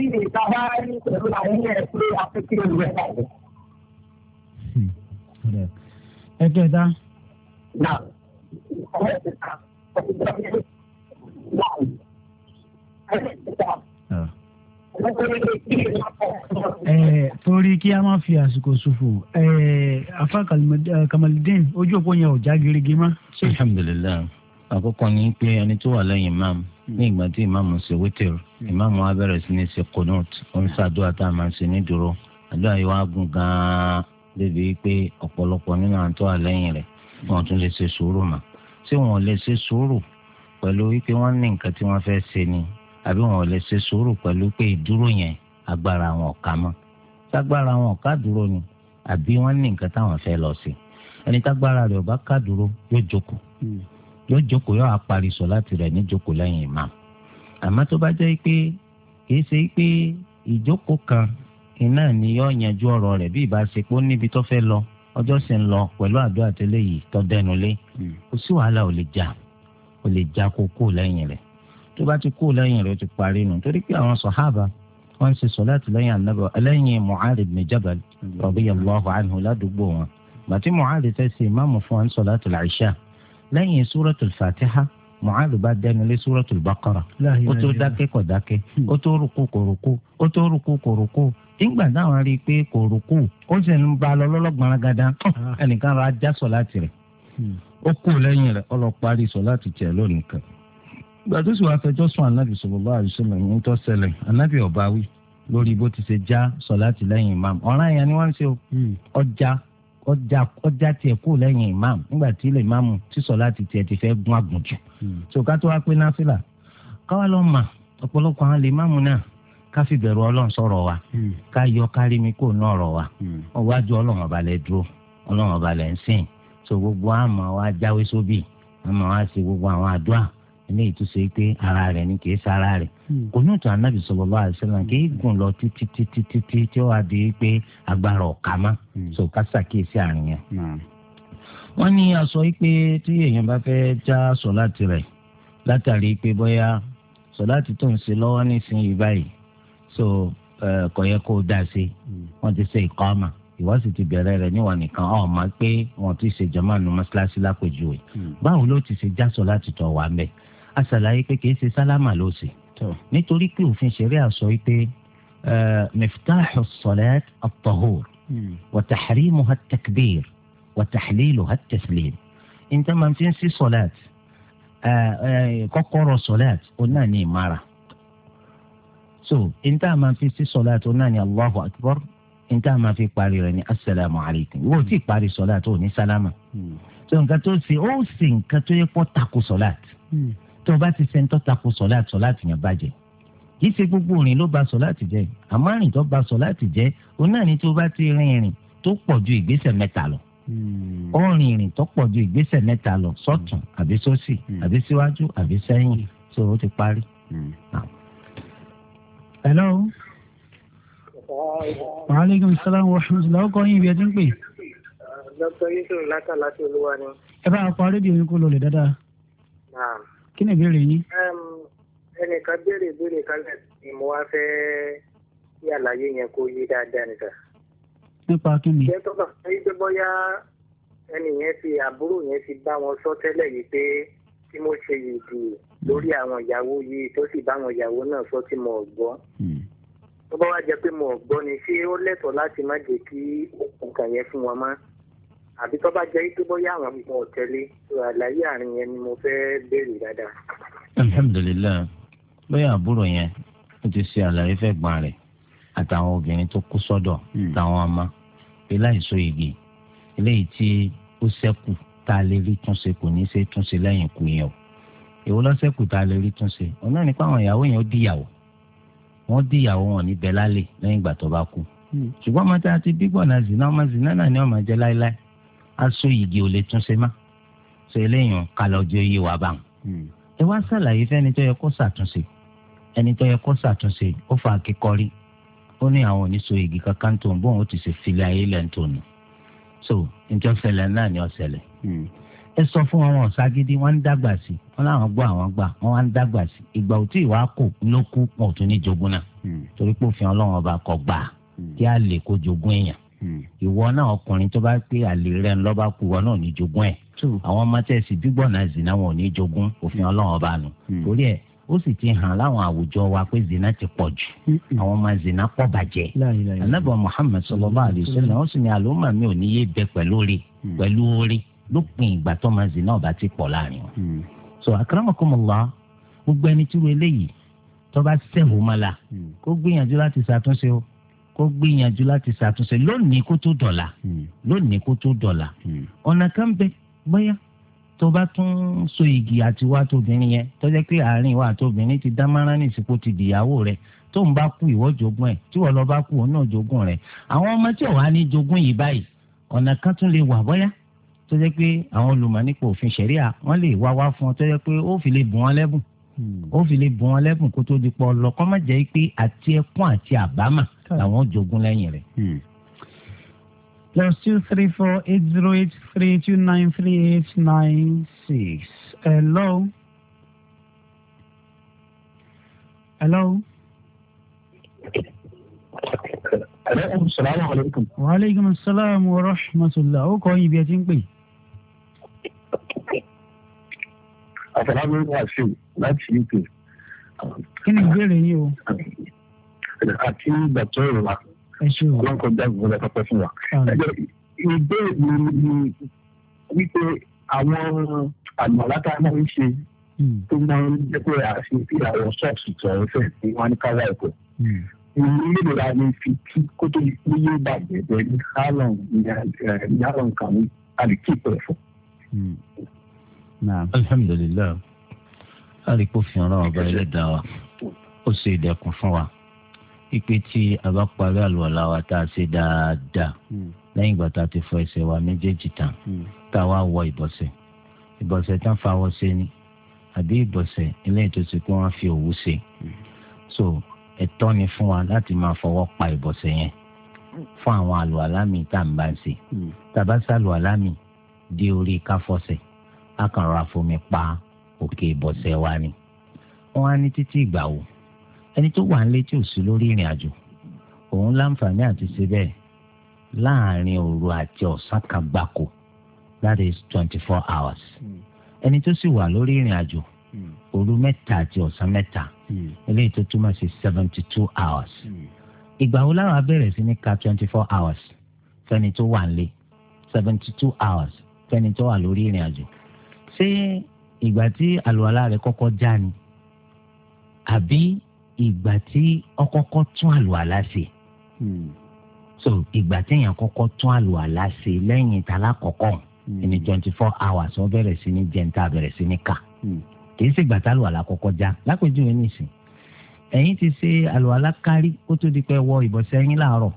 S1: ní bí ìta bá rí pẹ̀lú àwọn ilé pé afẹ́kí olùwẹ̀ pàdé. ẹ kẹta. nà ọ̀rẹ́ ti ta
S3: ọ̀rẹ́ ti ta ọ̀rẹ́ ti ta ọ̀rẹ́ ti ta
S1: torí kí a máa fi àsìkò ṣòfò afa kamalidin ojú òpó yẹn ò já gerege mọ́. alhamdulilayi
S2: àkọ́kọ́ ni pé ẹni tó wà lẹ́yìn imam hmm. ní ìgbà tí imam ṣe wítìrì hmm. imam wa bẹ̀rẹ̀ sí ní ṣe konot ó ń ṣàdúrà tá a máa ṣe ní dúró àdúrà yìí wá gùn gan-an débi pé ọ̀pọ̀lọpọ̀ nínú àwọn tó wà lẹ́yìn rẹ̀ wọn tún lè ṣe sùúrù mà ṣé wọn lè ṣe sùúrù pẹ̀lú wípé wọ́n ní nǹkan tí wọ́n fẹ́ ṣe ni àbí wọn lè ṣe sùúrù pẹ̀lú pé ìdúró yẹn agbára wọn ò ká mọ́ tágbára wọn ò kádùúró ni àbí wọ́n ní nǹkan táwọn fẹ́ lọ sí ẹni tágbára rẹ̀ ò bá kádùúró hmm. yóò jókòó yóò jókòó yóò apari sọ̀láàtì rẹ̀ ní jókòó lẹ́yìn imam àmọ́ tó bá jẹ́ pé kì í ṣe pé ìjókòó kan iná ni yóò yanjú ọ̀rọ̀ rẹ̀ bí ìbá ṣe pé ó níbi tó fẹ́ lọ ọjọ́ sì ń lọ pẹ̀lú àdúrà tẹ́lẹ̀ yìí tó dẹnu lé hmm. kò sí wàhálà ò lè jà ò lè jà kó kó lẹ́yìn rẹ̀ tó bá ti kó lẹ́yìn rẹ̀ ó ti parí nù torí pé àwọn sọ̀hábà wọ́n ń ṣe sọ́láàtì lẹ́yìn anábọ̀ lẹ́yìn Mu'adh ibn Jabal radiyallahu anhu ládùúgbò wọn bàtí Mu'adh fẹ́ ṣe ìmáàmù fún wọn sọ́láàtì làṣà lẹ́yìn súrọ̀tù fàtíhà Mu'adh bá dẹnulé súrọ̀tù bàkàrà ó tó dákẹ́ kò dákẹ́ hmm. ó tó rúkú kò rúkú ó tó rúkú kò rúkú nígbà táwọn rí i pé kò rúkú ó sì ń ba lọ lọ́lọ́gbọ̀n gada ah. ẹnìkan ra já sọ́láàtì rẹ̀ hmm. ó kú lẹ́yìn rẹ̀ ó lọ parí sọ́láàtì lónìí kan gbàdúsù wa fẹjọ́ sùn anabi sallallahu alaihi ń ọba lórí bó ti ṣe já sọláàtì lẹ́yìn imam ọ̀ràn yẹn ni wọ́n ṣe hmm. ọjà ọjà ọjà imam nígbà tí ti sọláàtì tiẹ̀ ti fẹ́ gún àgùn jù tó hmm. ká tó wá pé káwá lọ mà àwọn lè náà ká fi wa hmm. ká yọ kárí mi kó náà so gbogbo wa jáwé sóbì gbogbo àwọn àdúrà ilé ìtúsọ pé ara rẹ ni kì í sara rẹ hmm. kò ní ìtàn anábì sallallahu alaihi wasallam kì í gùn lọ títí títí títí tí ó wá di pé agbára ọ̀ka má hmm. so ká ṣàkíyèsí àárín yẹn. wọ́n ní aṣọ pé tí èèyàn bá fẹ́ já sọ̀láàtì rẹ̀ látàrí pé bóyá sọ̀láàtì tó ń ṣe lọ́wọ́ nísìnyí báyìí so kò yẹ kó o dá sí hmm. wọ́n ti ṣe ìkámà ìwọ sì ti bẹ̀rẹ̀ rẹ̀ níwọ̀n nìkan ọ̀ máa pé wọn ti ṣe jàmáà nù mọ́ṣáláṣí lápèjúwe báwo ló ti ṣe já sọ̀láàtì tó wà ń bẹ̀ àṣàlàyé pé kìí ṣe sálámà ló ṣe nítorí pé òfin ṣeré àṣọ wípé miftaḥu salat at-tahur hmm. wa tahrimuha at-takbir wa tahliluha at-taslim níta máa fi ń sí sọlát kọ́kọ́rọ́ sọlát ó náà ní ìmára so níta máa fi sí sọlát ó náà ní allahu akbar níta máa fi parí rẹ̀ ní asalaamu alaykum wọ́n ti parí sọlát ó ní sálámà hmm. so nǹkan tó ṣe ó sì nǹkan tó yẹ kó takò sọlát tó o bá ti ṣe ń tọ́ta kó sọ̀láàtì sọ̀láàtì yẹn bàjẹ́ kì í ṣe gbogbo ìrìn ló ba sọ̀láàtì jẹ́ àmọ́ ìrìn tó ba sọ̀láàtì jẹ́ òun tó o bá ti rin ìrìn tó pọ̀ ju ìgbésẹ̀ mẹ́ta lọ hmm. ó rin ìrìn tó pọ̀ ju ìgbésẹ̀ mẹ́ta lọ sọ́tún hmm. àbí sósì hmm. àbí
S1: síwájú àbí sẹ́yìn tó o ti parí. Ah. hello. maaleykum salaam wa rahmatulah ọkọ yín ibi ẹ ti ń pè. dr yusuf látàlá ti olúwa ni. ẹ bá a parí di oyin kó lọ lè dáadáa kí ni ìbéèrè yín. ẹnìkan béèrè ìbéèrè kan náà ni mo wá fẹ́ kí àlàyé yẹn kó yé dáadáa nìkan. nípa kí ni. jẹ́ tọ́ka pé pé bóyá ẹnì yẹn fi àbúrò yẹn fi bá wọn sọ tẹ́lẹ̀ yìí pé tí mo ṣe yìí lórí àwọn ìyàwó yìí tó sì bá àwọn ìyàwó náà sọ tí mo gbọ́ hmm.
S4: tó bá wá jẹ pé mo gbọ́ ni ṣé ó lẹ́tọ̀ọ́ láti má jẹ́ kí òkun yẹn fún wọn mọ́ àbí tó bá jẹ́ pé bóyá àwọn nǹkan ọ̀tẹ́lé tó àlàyé àárín yẹn ni mo fẹ́ béèrè dáadáa.
S2: alhamdulilayi bóyá àbúrò yẹn ó ti ṣe àlàyé fẹ́ gbọ́n rẹ̀ àtàwọn obìnrin tó kú sọ́dọ̀ hmm. táwọn ọmọ pé igi eléyìí tí ó ṣẹ́kù tá a lè rí túnṣe kò ní í ṣe túnṣe lẹ́yìn ikú yẹn o èwo lọ́sẹ̀kù tá a lè rí túnṣe òun náà nípa àwọn ìyàwó yẹn ó dìyàwó wọ́n dìyàwó wọn ní bẹ́lálẹ̀ lẹ́yìn ìgbà tó bá kú hmm. ṣùgbọ́n ọmọ tí a ti bí gbọ̀nà zina ọmọ zina náà ni ọmọ jẹ láéláé aṣọ yìí ò lè tún ṣe má ṣe eléyìí kálọ̀ ojú yìí wà bá wọn. Hmm. ẹ wá ṣàlàyé fẹ́ni tó yẹ kó ṣàtúnṣe ẹni tó yẹ kó ṣàtúnṣe ó fa akíkọrí ó ní àwọn oníṣòwò igi kankan tó ń bọ̀ ó ti ṣe filẹ̀ ayé lẹ́ńtọ́nù so níjọ́ ṣẹlẹ̀ náà ni ó ṣẹlẹ̀ hmm. ẹ sọ fún wọn wọn ṣàgídí wọn ń dàgbà sí wọn làwọn gbọ́ àwọn gbà wọn wá ń dàgbà sí ìgbà òtí ìwà kò ló kú wọn ò tún ní jogún náà hmm. torí pé òfin ọlọ́run ọba kọ gbà kí á lè kó jogún èèyàn Hmm. ìwọ náà ọkùnrin tó bá pé àlè rẹ ńlọ bá kú wọn náà ní jogún ẹ àwọn ọmọ tẹ̀sí náà zina wọn ò ní jogún òfin ọlọ́run ọba nù hmm. torí ẹ ó sì ti hàn láwọn àwùjọ wa pé zina ti pọ̀ jù hmm. àwọn ọmọ zina pọ̀ bàjẹ́ anábọ̀ Muhammad sallallahu alaihi wasallam ó sì ní àlùmọ̀ mi ò ní yé bẹ pẹ̀lú rí pẹ̀lú orí lópin ìgbà tó ọmọ zina ọba ti pọ̀ láàrin wọn. so akramakumullah gbogbo ẹni tí wọ́n eléyìí tó bá sẹ́hùn mọ́la kó gbìyànjú láti ṣàtúnṣe o kó gbìyànjú láti ṣàtúnṣe lónìí kó tó dọ̀la hmm. lónìí kó tó dọ̀la hmm. ọ̀nà kan bẹ bóyá tó bá tún so igi àti wá tóbìnrin yẹn tó pé àárín wa tóbìnrin ti dámárán ní ìsìnkú ti dìyàwó rẹ̀ tó ń bá kú ìwọ jogún ẹ̀ tí wọ́n lọ bá kú òun náà jogún rẹ̀ àwọn ọmọ tí wàá ní jogún yìí báyìí ọ̀nà kan tún lè wà bóyá tó jẹ́ pé àwọn olùmọ̀ nípa òfin ṣẹ̀ríà wọ́n lè wá wá fún ọ tó pé ó fi lè bùn wọn lẹ́bùn hmm. ó fi lè bùn wọn lẹ́bùn kó tó di pọ̀ lọ má jẹ́ pé àti ẹkún àti àbámà làwọn jogún lẹ́yìn rẹ̀. Hmm.
S1: plus two three four eight zero eight three two nine three eight nine six. hello. hello. Salaamu alaikum. Wa alaikum salaam wa rahmatullah. Ó kọ́ ibi ẹ ti ń pè. Àfọlábí wà sí láti UK. Kí ni ìbéèrè yín o? àti ìgbàtọ́ ìwà ọlọ́kọjá ìgbọ́dọ̀ pẹpẹ fún wa. ìbéèrè mi ni wípé àwọn àgbàlátà máa ń ṣe hmm. tó máa ń jẹ́ pé àṣẹ bí àwọn ṣọ́ọ̀ṣì tó ń fẹ́ ní wọn ní káwá ẹ̀kọ́. ìlú ìlera ni fi kí kó tó ní yóò bàjẹ́ pẹ̀lú yálọ̀n kàwé àdìkí pẹ̀lú fún.
S2: Hmm. alhamdulilayi alikó fi ọba ẹlẹ́dàá wa ó ṣe ìdẹ̀kùn fún wa pípé tí a bá parí àlùwàlá wa tá a ṣe dáadáa hmm. lẹ́yìn ìgbà tá a ti fọ ẹsẹ̀ wa méjèèjì tán hmm. tá a wá wọ ìbọ̀sẹ̀ ìbọ̀sẹ̀ tán fawọ́ ṣe ni àbí ìbọ̀sẹ̀ eléyìí tó ti pé wọ́n fi òwú ṣe hmm. so ẹ̀tọ́ ni fún wa láti máa fọwọ́ pa ìbọ̀sẹ̀ yẹn fún àwọn àlùwàlá mi tá à ń bá ń ṣe tàbá sàlùwàlá mi dé orí káfọ́sẹ̀ á kàn rọra fomi pa òkè ìbọ̀sẹ̀ wa ni wọ́n á ní títí ìgbà wo ẹni tó wà nílé tí ò sí lórí ìrìn àjò òun láǹfààní àti ṣe bẹ́ẹ̀ láàrin òru àti ọ̀sán kan gbáko that is twenty four hours hmm. ẹni tó sì wà lórí ìrìn àjò hmm. òru mẹ́ta àti ọ̀sán mẹ́ta hmm. eléyìí tó túmọ̀ sí seventy two hours ìgbà wo láwọn abẹ́rẹ́ sí ní ka twenty four hours fẹ́ni tó wà nílé seventy two hours fẹ́ni tó wà lórí ìrìn àjò ṣé ìgbà tí àlùwalá rẹ̀ kọ́kọ́ já ni àbí ìgbà tí ọkọkọ tún àlùwàlá ṣe hmm. so ìgbà téèyàn kọ́kọ́ tún àlùwàlá ṣe lẹ́yìn ìtàlá kọ̀ọ̀kan hmm. ẹni twenty four hours wọ́n bẹ̀rẹ̀ sí ní jẹnta bẹ̀rẹ̀ sí ní kà hmm. kì í sì gbà tá àlùwàlá kọ́kọ́ já lápèjúwe nìsín ẹ̀yin ti ṣe àlùwàlá kárí kó tó di pé wọ ìbọ̀sẹ̀ yín láàárọ̀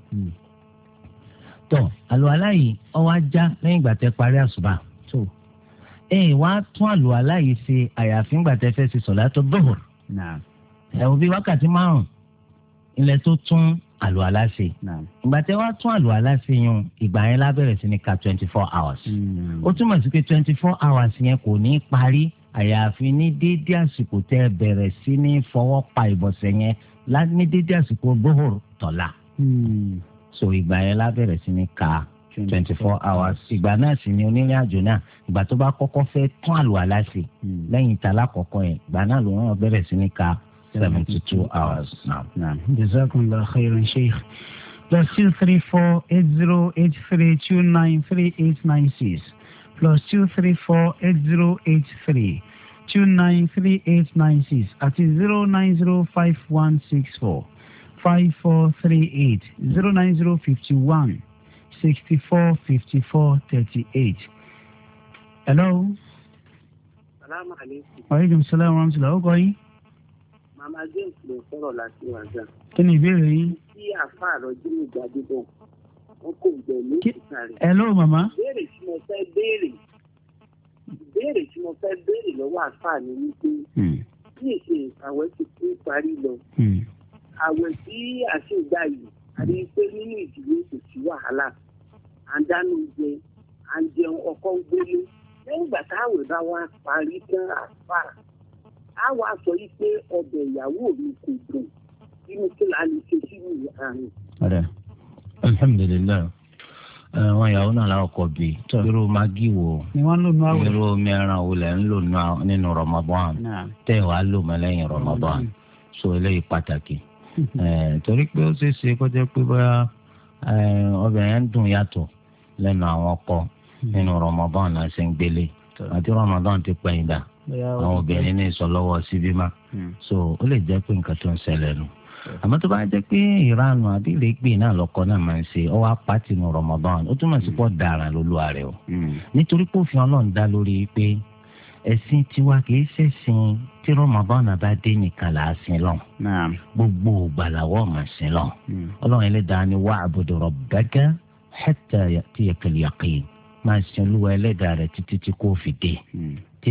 S2: tó àlùwàlá yìí ó wá já lẹ́yìn ìgbà tẹ́ parí àṣùbà tó ẹ wá tún àlùwàlá yìí ṣe àyàfi ìgbà tẹ́ fẹ́ ṣe sọ̀látù duhur ẹ̀wò bíi wákàtí márùn ilẹ̀ tó tún àlò aláṣẹ ìgbà tí wàá tún àlò aláṣẹ yun ìgbà yẹn lábẹ̀rẹ̀ sí ni ka twenty four hours hmm. ó túmọ̀ sí pé twenty four hours yẹn kò ní í parí àyàfi ní déédé àsìkò tẹ́ ẹ bẹ̀rẹ̀ sí ní fọwọ́ pa ìbọ̀sẹ̀ yẹn ní déédé àsìkò gbóhùrù tọ̀la hmm. so ìgbà yẹn lábẹ̀rẹ̀ sí ni ka twenty four hours ìgbà náà sì ni onírìn àjò náà ìgbà tó bá kọ́kọ́ fẹ́ tún àlò aláṣẹ hmm. lẹ́yìn ìtàlá kọ̀ọ̀kan yẹn ìgbà náà ló ni ka seventy two hours now.
S1: jazakumullah khairan sheikh plus two three four eight zero eight three two nine three eight nine six plus two three four eight zero eight three two nine three eight nine six àti zero nine zero five one six four five four three eight zero nine zero fifty one sixty four fifty four thirty eight. hello.
S4: salaamaleykum.
S1: waaleykum salaam wa rahmatulah. ó kọ́
S4: amagé ìpínlẹ̀ sọ̀rọ̀ láti wà jà.
S1: kí ni ìbéèrè yín.
S4: kí àfa àròjù mi jáde bọ̀ wọn kò gbẹ̀ ní ìta rẹ̀. ẹ lóò màmá. béèrè tí mo fẹ́ béèrè béèrè tí mo fẹ́ béèrè lọ́wọ́ àfa mi ni pé hmm. kí èsì àwẹ̀ ti kú parí lọ. Hmm. àwẹ̀ tí a sì gbà yìí a rí i pé nínú ìdílé kò sí wàhálà à ń dáná oúnjẹ à ń jẹun ọkọ ń gbélé lẹ́yìn ìgbà táwọn ìbá wa parí tán àfa á wàá sọ yìí pé ọbẹ̀ ìyàwó mi kò dùn nínú kí la lè ṣe sínú àárín.
S2: ọ̀rẹ́ alhamdulilayi àwọn ìyàwó náà làwọn kọ bí irú magi wo irú omi ẹran wo lẹ ń lò nínú Ramadan tẹ wàá lò mọ lẹ́yìn Ramadan so eléyìí pàtàkì *laughs* torí pé ó ṣeé ṣe kọjá pé bóyá ọbẹ̀ dùn yàtọ̀ lẹ́nu àwọn ọkọ hmm. nínú Ramadan náà ṣe ń gbélé àti Ramadan ti pẹ̀yìn dà
S3: àwọn obìnrin
S2: ní ìsọlọ́wọ́ síbí má hmm. so ó lè jẹ́ pé nǹkan tó ń ṣẹlẹ̀ nù àmọ́ tó bá jẹ́ pé ìranu àbí ìrẹ́gbẹ́ náà lọ́kọ náà máa ń ṣe ọ wá pàtì nù Ramadan ó túmọ̀ sí pọ̀ dàrán lóluwa rẹ̀ o hmm. nítorí pé òfin Ọlọ́run dá lórí pé ẹ̀sìn tiwa kìí ṣẹ̀sìn tí Ramadan bá dé nìkan là á sin lọ gbogbo gbàlàwọ́ mà sin lọ hmm. Ọlọ́run ẹlẹ́dàá ni wa'budu rabbaka hatta ya'tiyakal yaqin máa sin olúwa ẹlẹ́dàá rẹ̀ títí tí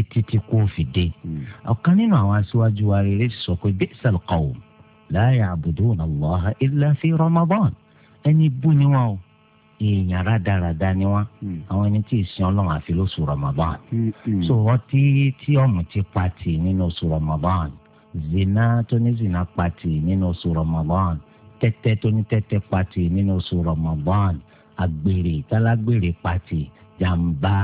S2: títí tí kò fi dé. Hmm. ọ̀kan nínú àwọn aṣíwájú wa rere sọ pé bi'sal qawm la ya'buduna Allaha illa fi Ramadan ẹni bú ni wọn o èèyàn rádaràda ni wọn hmm. àwọn ẹni tí ì sin Ọlọ́run àfi lóṣù Ramadan hmm, so wọn tí tí ọmọ ti pa tì nínú oṣù Ramadan zina tó ní zina pa tì nínú oṣù Ramadan tẹ́tẹ́ tó ní tẹ́tẹ́ pa tì nínú oṣù Ramadan agbèrè tálágbèrè pa tì jàǹbá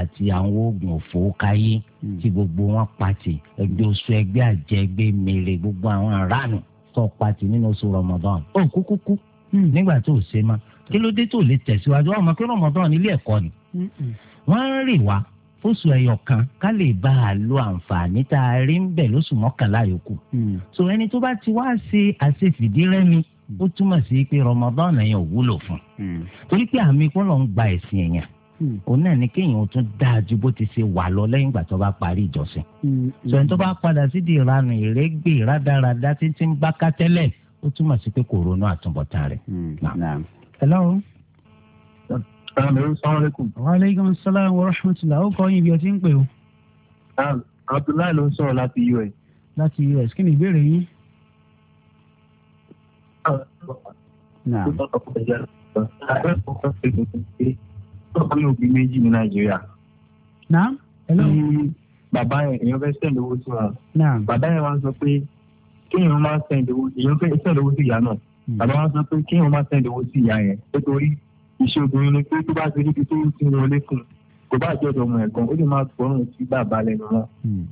S2: àti àwọn oògùn òfòókáyé hmm. tí gbogbo wọn pati ẹgbẹ́ oṣù ẹgbẹ́ àjẹ ẹgbẹ́ mèrè gbogbo àwọn aráàlú tó pati nínú oṣù Ramadan ó kúkú kú hmm. nígbà tó ṣe ma kí ló dé tó lè tẹ̀síwájú àwọn ọmọ pé Ramadan ilé ẹ̀kọ́ ni hmm, wọ́n ń rì wá fóṣù ẹyọ kan ká lè bá a lo àǹfààní tá a rí ń bẹ̀ lóṣù mọ́kànlá yòókù so ẹni tó bá ti wá ṣe àṣefìdírẹ́mi ó túmọ̀ sí pé Ramadan yẹn ò wúlò fún torí pé àmì kọ́ ló ń gba ẹ̀sìn èèyàn Hmm. òun náà ni kéèyàn ó tún dáa ju bó ti ṣe wà lọ lẹ́yìn ìgbà tó bá parí ìjọsìn. Hmm. sọ̀rọ̀ tó bá padà sídìí ìranù ìrẹ́gbẹ̀ rádaràda títí ń bá ká tẹ́lẹ̀ ó túmọ̀ sí pé kò ronú
S1: àtúbọ̀tán rẹ̀. Hmm. hello. salaamaleykum. waaleykum salaam wa rahmatulah ó kọ́ yín bí ẹ ti ń pè o. abdullahi ló ń sọ̀rọ̀ láti us. láti us kí ni ìbéèrè yín. Naam ọkùnrin òbí méjì ní nàìjíríà. náà ẹlọ. bàbá yẹn èèyàn fẹ́ sẹ́ǹd owó sí wa. náà bàbá yẹn wá sọ pé kéèyàn máa sẹ́ǹd owó èèyàn fẹ́ sẹ́ǹd owó sí ìyá náà. Hmm. bàbá wa sọ pé kéèyàn máa sẹ́ǹd owó sí ìyá yẹn nítorí iṣẹ́ obìnrin ni pé tó bá ti rí ibi tó ti wọlé fún un kò bá jẹ́ ọ̀dọ̀ ọmọ ẹ̀gbọ́n ó lè máa gbọ́rùn sí bàbá lẹ́nu wọn. Hmm.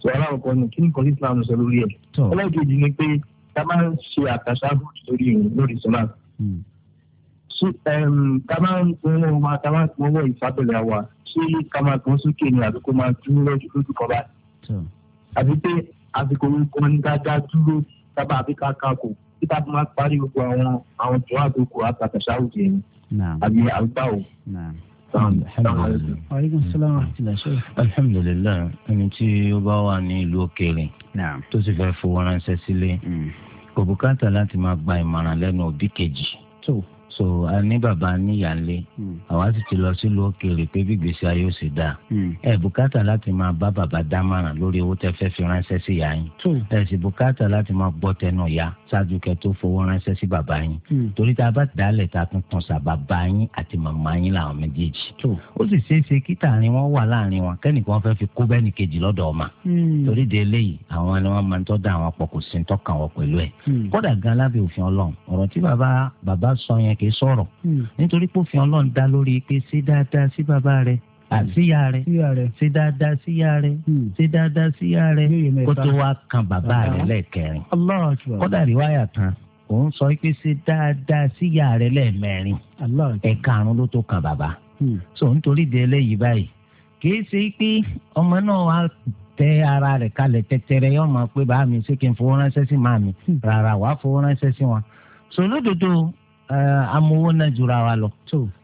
S1: sọ aláwọ̀ kan ní kí ni kọ́lí islam sọ lórí ẹ̀. ẹlẹ́ẹ̀kejì ni pé ká máa ń ṣe àtàṣà lórí ìrìn lórí sọ́lá sí ká o ń kún owó máa ká máa ń kún owó ìfábẹ̀rẹ̀ wa ṣé ká máa kún sókè ni àbí kó máa dúró lójú lójú kan báyìí. àbí pé àsìkò yìí kan ní ká dá dúró sábà àbí ká ká kò títà fún wa parí gbogbo àwọn àwọn tó wà tó kò àtàkàṣà òjò yẹn àbí àgbà ò. Aleykum salaam wa rahmatulah.
S2: Alhamdulilayi, ẹni tí ó bá wà ní ìlú òkèèrè tó sì fẹ́ fowó ránṣẹ́ sílé, hmm so a ní bàbá níyà ńlẹ hmm. àwa sì ti lọ sílùú òkèèrè pé bí gbèsè ayé ó sì dáa hmm. ẹ bùkátà láti máa bá bàbá dámọ̀ràn lórí owó tẹ́ fẹ́ fi ránṣẹ́ sí ìyá yín hmm. ẹ sì bùkátà láti máa gbọ́ tẹnu ìyá ṣáájú kẹ́ tó fowó ránṣẹ́ sí bàbá yín torí tá a bá dálẹ̀ tá a tún tàn sà bàbá yín àti màmá yín làwọn méjèèjì ó sì ṣeé ṣe kí tààrin wọn wà láàrin wọn kẹ́nìkan fẹ́ fi kó bẹ́ẹ̀nì kejì lọ́dọ̀ ọmọ ọ̀rọ̀ tí bàbá bàbá sọ yẹn kì kìí sọ̀rọ̀ hmm. nítorí pófin ọlọ́run dá
S1: lórí pé ṣé dáadáa sí bàbá rẹ àsíyá hmm. rẹ ṣe dáadáa síyá rẹ hmm. ṣe dáadáa síyá rẹ kó tó wá kan bàbá rẹ
S2: lẹ́ẹ̀kẹrin kódà ríwáyà kan òun sọ pé ṣe dáadáa síyá rẹ lẹ́ẹ̀mẹrin ẹ̀karùn ló tó kan bàbá so nítorí di eléyìí báyìí kìí ṣe pé ọmọ náà wá tẹ ara rẹ kalẹ̀ tẹtẹrẹ yóò máa pé bá mi ṣé kí n fowó ránṣẹ́ sí màmí rárá wàá fowó ránṣẹ́ sí wọn sòlódodo Eh, amowó náà jura wa lọ.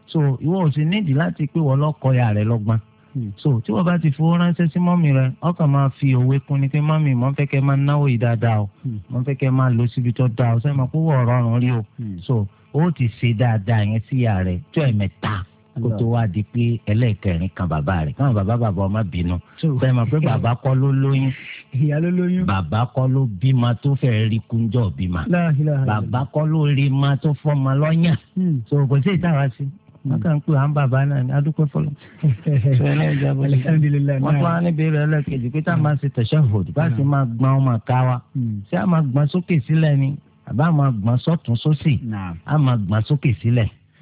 S2: so ìwọ ò sì nídìí láti pé wọ́n lọ́kọ ya rẹ̀ lọ́gbọ́n. Hmm. so tí wọ́n bá ti fowó ránṣẹ́ sí mọ́mì rẹ̀ ọkàn máa fi òwe kún ni pé mọ́mì mọ́ fẹ́ kẹ́ máa náwó yìí dáadáa o mọ́ hmm. fẹ́ kẹ́ máa lọ síbi tó dáa o sẹ́yìn máa kó wọ̀ ọ̀rọ̀ ọ̀run rí o. Hmm. so ó ti ṣe dáadáa yẹn sí ìyá rẹ̀ tó ẹ̀mẹ́ta kó tó wá di pé ẹlẹ́ẹ̀kẹrin kan bàbá rẹ̀ káwọn bàbá bàbá ọmọ bínú sọ ma pé bàbá kọ́ ló lóyún ìyá ló lóyún bàbá kọ́ ló bímọ tó fẹ́ rí kúnjọ́ bímọ bàbá kọ́ ló rí ma tó fọmọ lọ́yàn hmm. so kò sí ìtara sí hmm. wọn kàn ń pè án bàbá náà *laughs* ní adúpẹ́ fọlọ́. sọlá ìjàbọ̀ lẹ́yìn wọn tún á níbi rẹ lẹ́kẹ̀jì pé tá a máa ṣe tashahhud bá a ti máa gbọ́n ọmọ ká wa hmm. ṣé a máa gbọ́n sókè sílẹ̀ ni àbá a máa gbọ́n sọ́tún sósì a máa gbọ́n sókè sílẹ̀.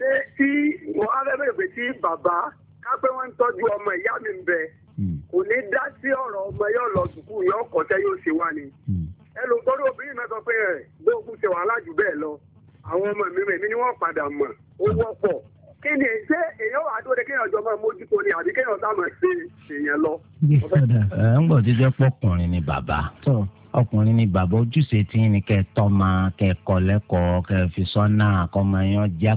S4: ṣé tí wọ́n á fẹ́ bẹ̀rẹ̀ pé tí bàbá kápẹ́ wọn ń tọ́jú ọmọ ìyá mi ń bẹ hmm. kò ní dá sí ọ̀rọ̀ ọmọ yóò lọ sùkú yóò kọ́tẹ́ yóò ṣe wá ni hmm. ẹlòmọ́tò obìnrin mẹ́ta pé ẹ̀ eh, gbé òkú ṣe wàhálà jù bẹ́ẹ̀ lọ àwọn ọmọ mi rẹ̀ mi ni wọ́n padà mọ̀ ó wọ́pọ̀ kí ni ṣé èèyàn wà dóde kéèyàn jọ máa mójútó ni àbí kéèyàn sá máa ṣe èèyàn lọ. *laughs*
S2: ẹ ń gbọ́ jíjẹ́ pọkùnrin ni bàbá ọkùnrin ni bàbá ojúṣe tí ń ní kẹ tọ́mà kẹ kọ́ lẹ́kọ̀ọ́ kẹ fi sọ́nà àkọ́mọyán jẹ́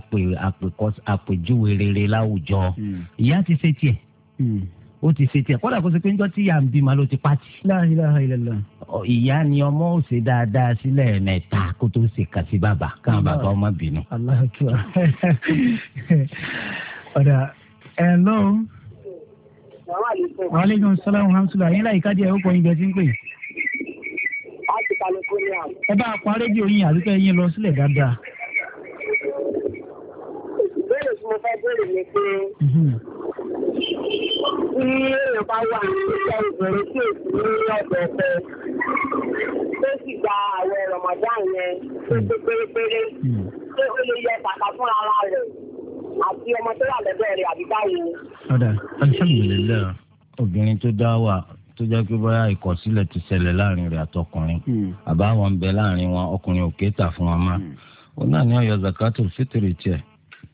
S2: àpèjúwe rere láwùjọ hmm. ìyá ti ṣe tiẹ̀ hmm. ó ti ṣe tiẹ̀ kódà kó ṣe pé ń jọ́ tí ìyá ń bímọ ló
S1: ti pàtì. La ilaha illallah.
S2: ìyá ni ọmọ ò ṣe dáadáa sílẹ̀ mẹ́ta kó tó ṣe kà sí bàbá káwọn bàbá ọmọ bínú. Allahu
S1: akbar. ọ̀dà ẹ̀ lọ́wọ́. wàhálà ìgbọ̀nsẹ̀ láwọn hàn
S4: láti California.
S1: ẹ bá a pa rédíò yín àti kẹ́ yín lọ sílẹ̀ dáadáa.
S4: ìbéèrè tí mo fẹ́ béèrè ni pé mhm. tí èèyàn bá wà ní ìṣẹ́ obìnrin tí èsì ní ọ̀dọ̀ ọ̀fẹ́ tó sì gba àwọn Ramadan yẹn tó gbé pérépéré mhm. tó ó lè yẹ kàkà fún ara rẹ̀ àti ọmọ tó wà lẹ́gbẹ̀ẹ́ rẹ̀ àbí báyìí.
S2: ọ̀dà alhamdulilayi obìnrin tó dá wà tó jẹ́ pé bóyá ìkọ̀sílẹ̀ ti ṣẹlẹ̀ láàrin rẹ̀ àtọkùnrin hmm. àbáwọn ń bẹ láàrin wọn ọkùnrin òkè tà fún wọn mọ́ hmm. òun náà ní ọ̀yọ́ zakatul fitiri tiẹ̀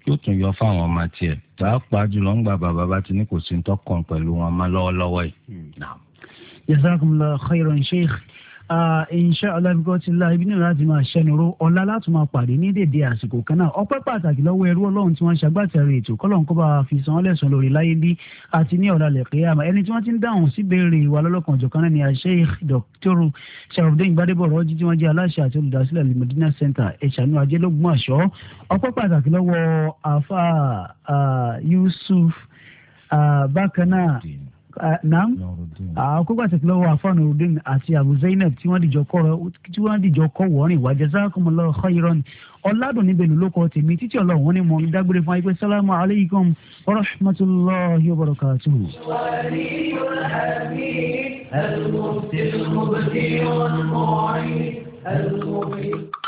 S2: yóò tún yọ fáwọn ọmọ tiẹ̀ tá a pa jùlọ ń gba bàbá bá ti ní kò sí ń tọkàn pẹ̀lú wọn mọ́ lọ́wọ́lọ́wọ́ yìí. Hmm.
S1: jazakumullahu khairan sheikh insha Allah bí la ibi náà láti máa ṣẹnuró ọ̀la láti máa pàdé ní dèdè àsìkò kan náà ọpẹ́ pàtàkì lọ́wọ́ ẹrú ọlọ́run tí wọ́n ṣàgbàtẹ̀rẹ̀ ètò kọ́lọ́n kó bá fi san án lẹ́sàn lórí láyé bí àti ní ọ̀la lẹ̀kẹ́ àmọ́ ẹni tí wọ́n ti ń dáhùn sí béèrè ìwà lọ́lọ́kan jọ̀kan náà ni Sheikh Dr. Sharafdeen Gbadebo Raji tí wọ́n jẹ́ aláṣẹ àti olùdásílẹ̀ Center ẹ̀ṣánú ajé lógún àṣọ ọpẹ́ pàtàkì lọ́wọ́ afa Yusuf bákan náà Eh, naam àkókò àti ìpínlẹ̀ afọ́nà udin àti abu zainab tí wọ́n dìjọ kọ́ tí wọ́n dìjọ kọ́ wọ́rin wa jazakumullahu khairan ọ̀làdùn níbẹ̀ ló lóko tèmi títí ọlọ́run wọn ni mò ń dágbére fún ayípe sálámù aleykum rahmatulahi wa barakatuhu.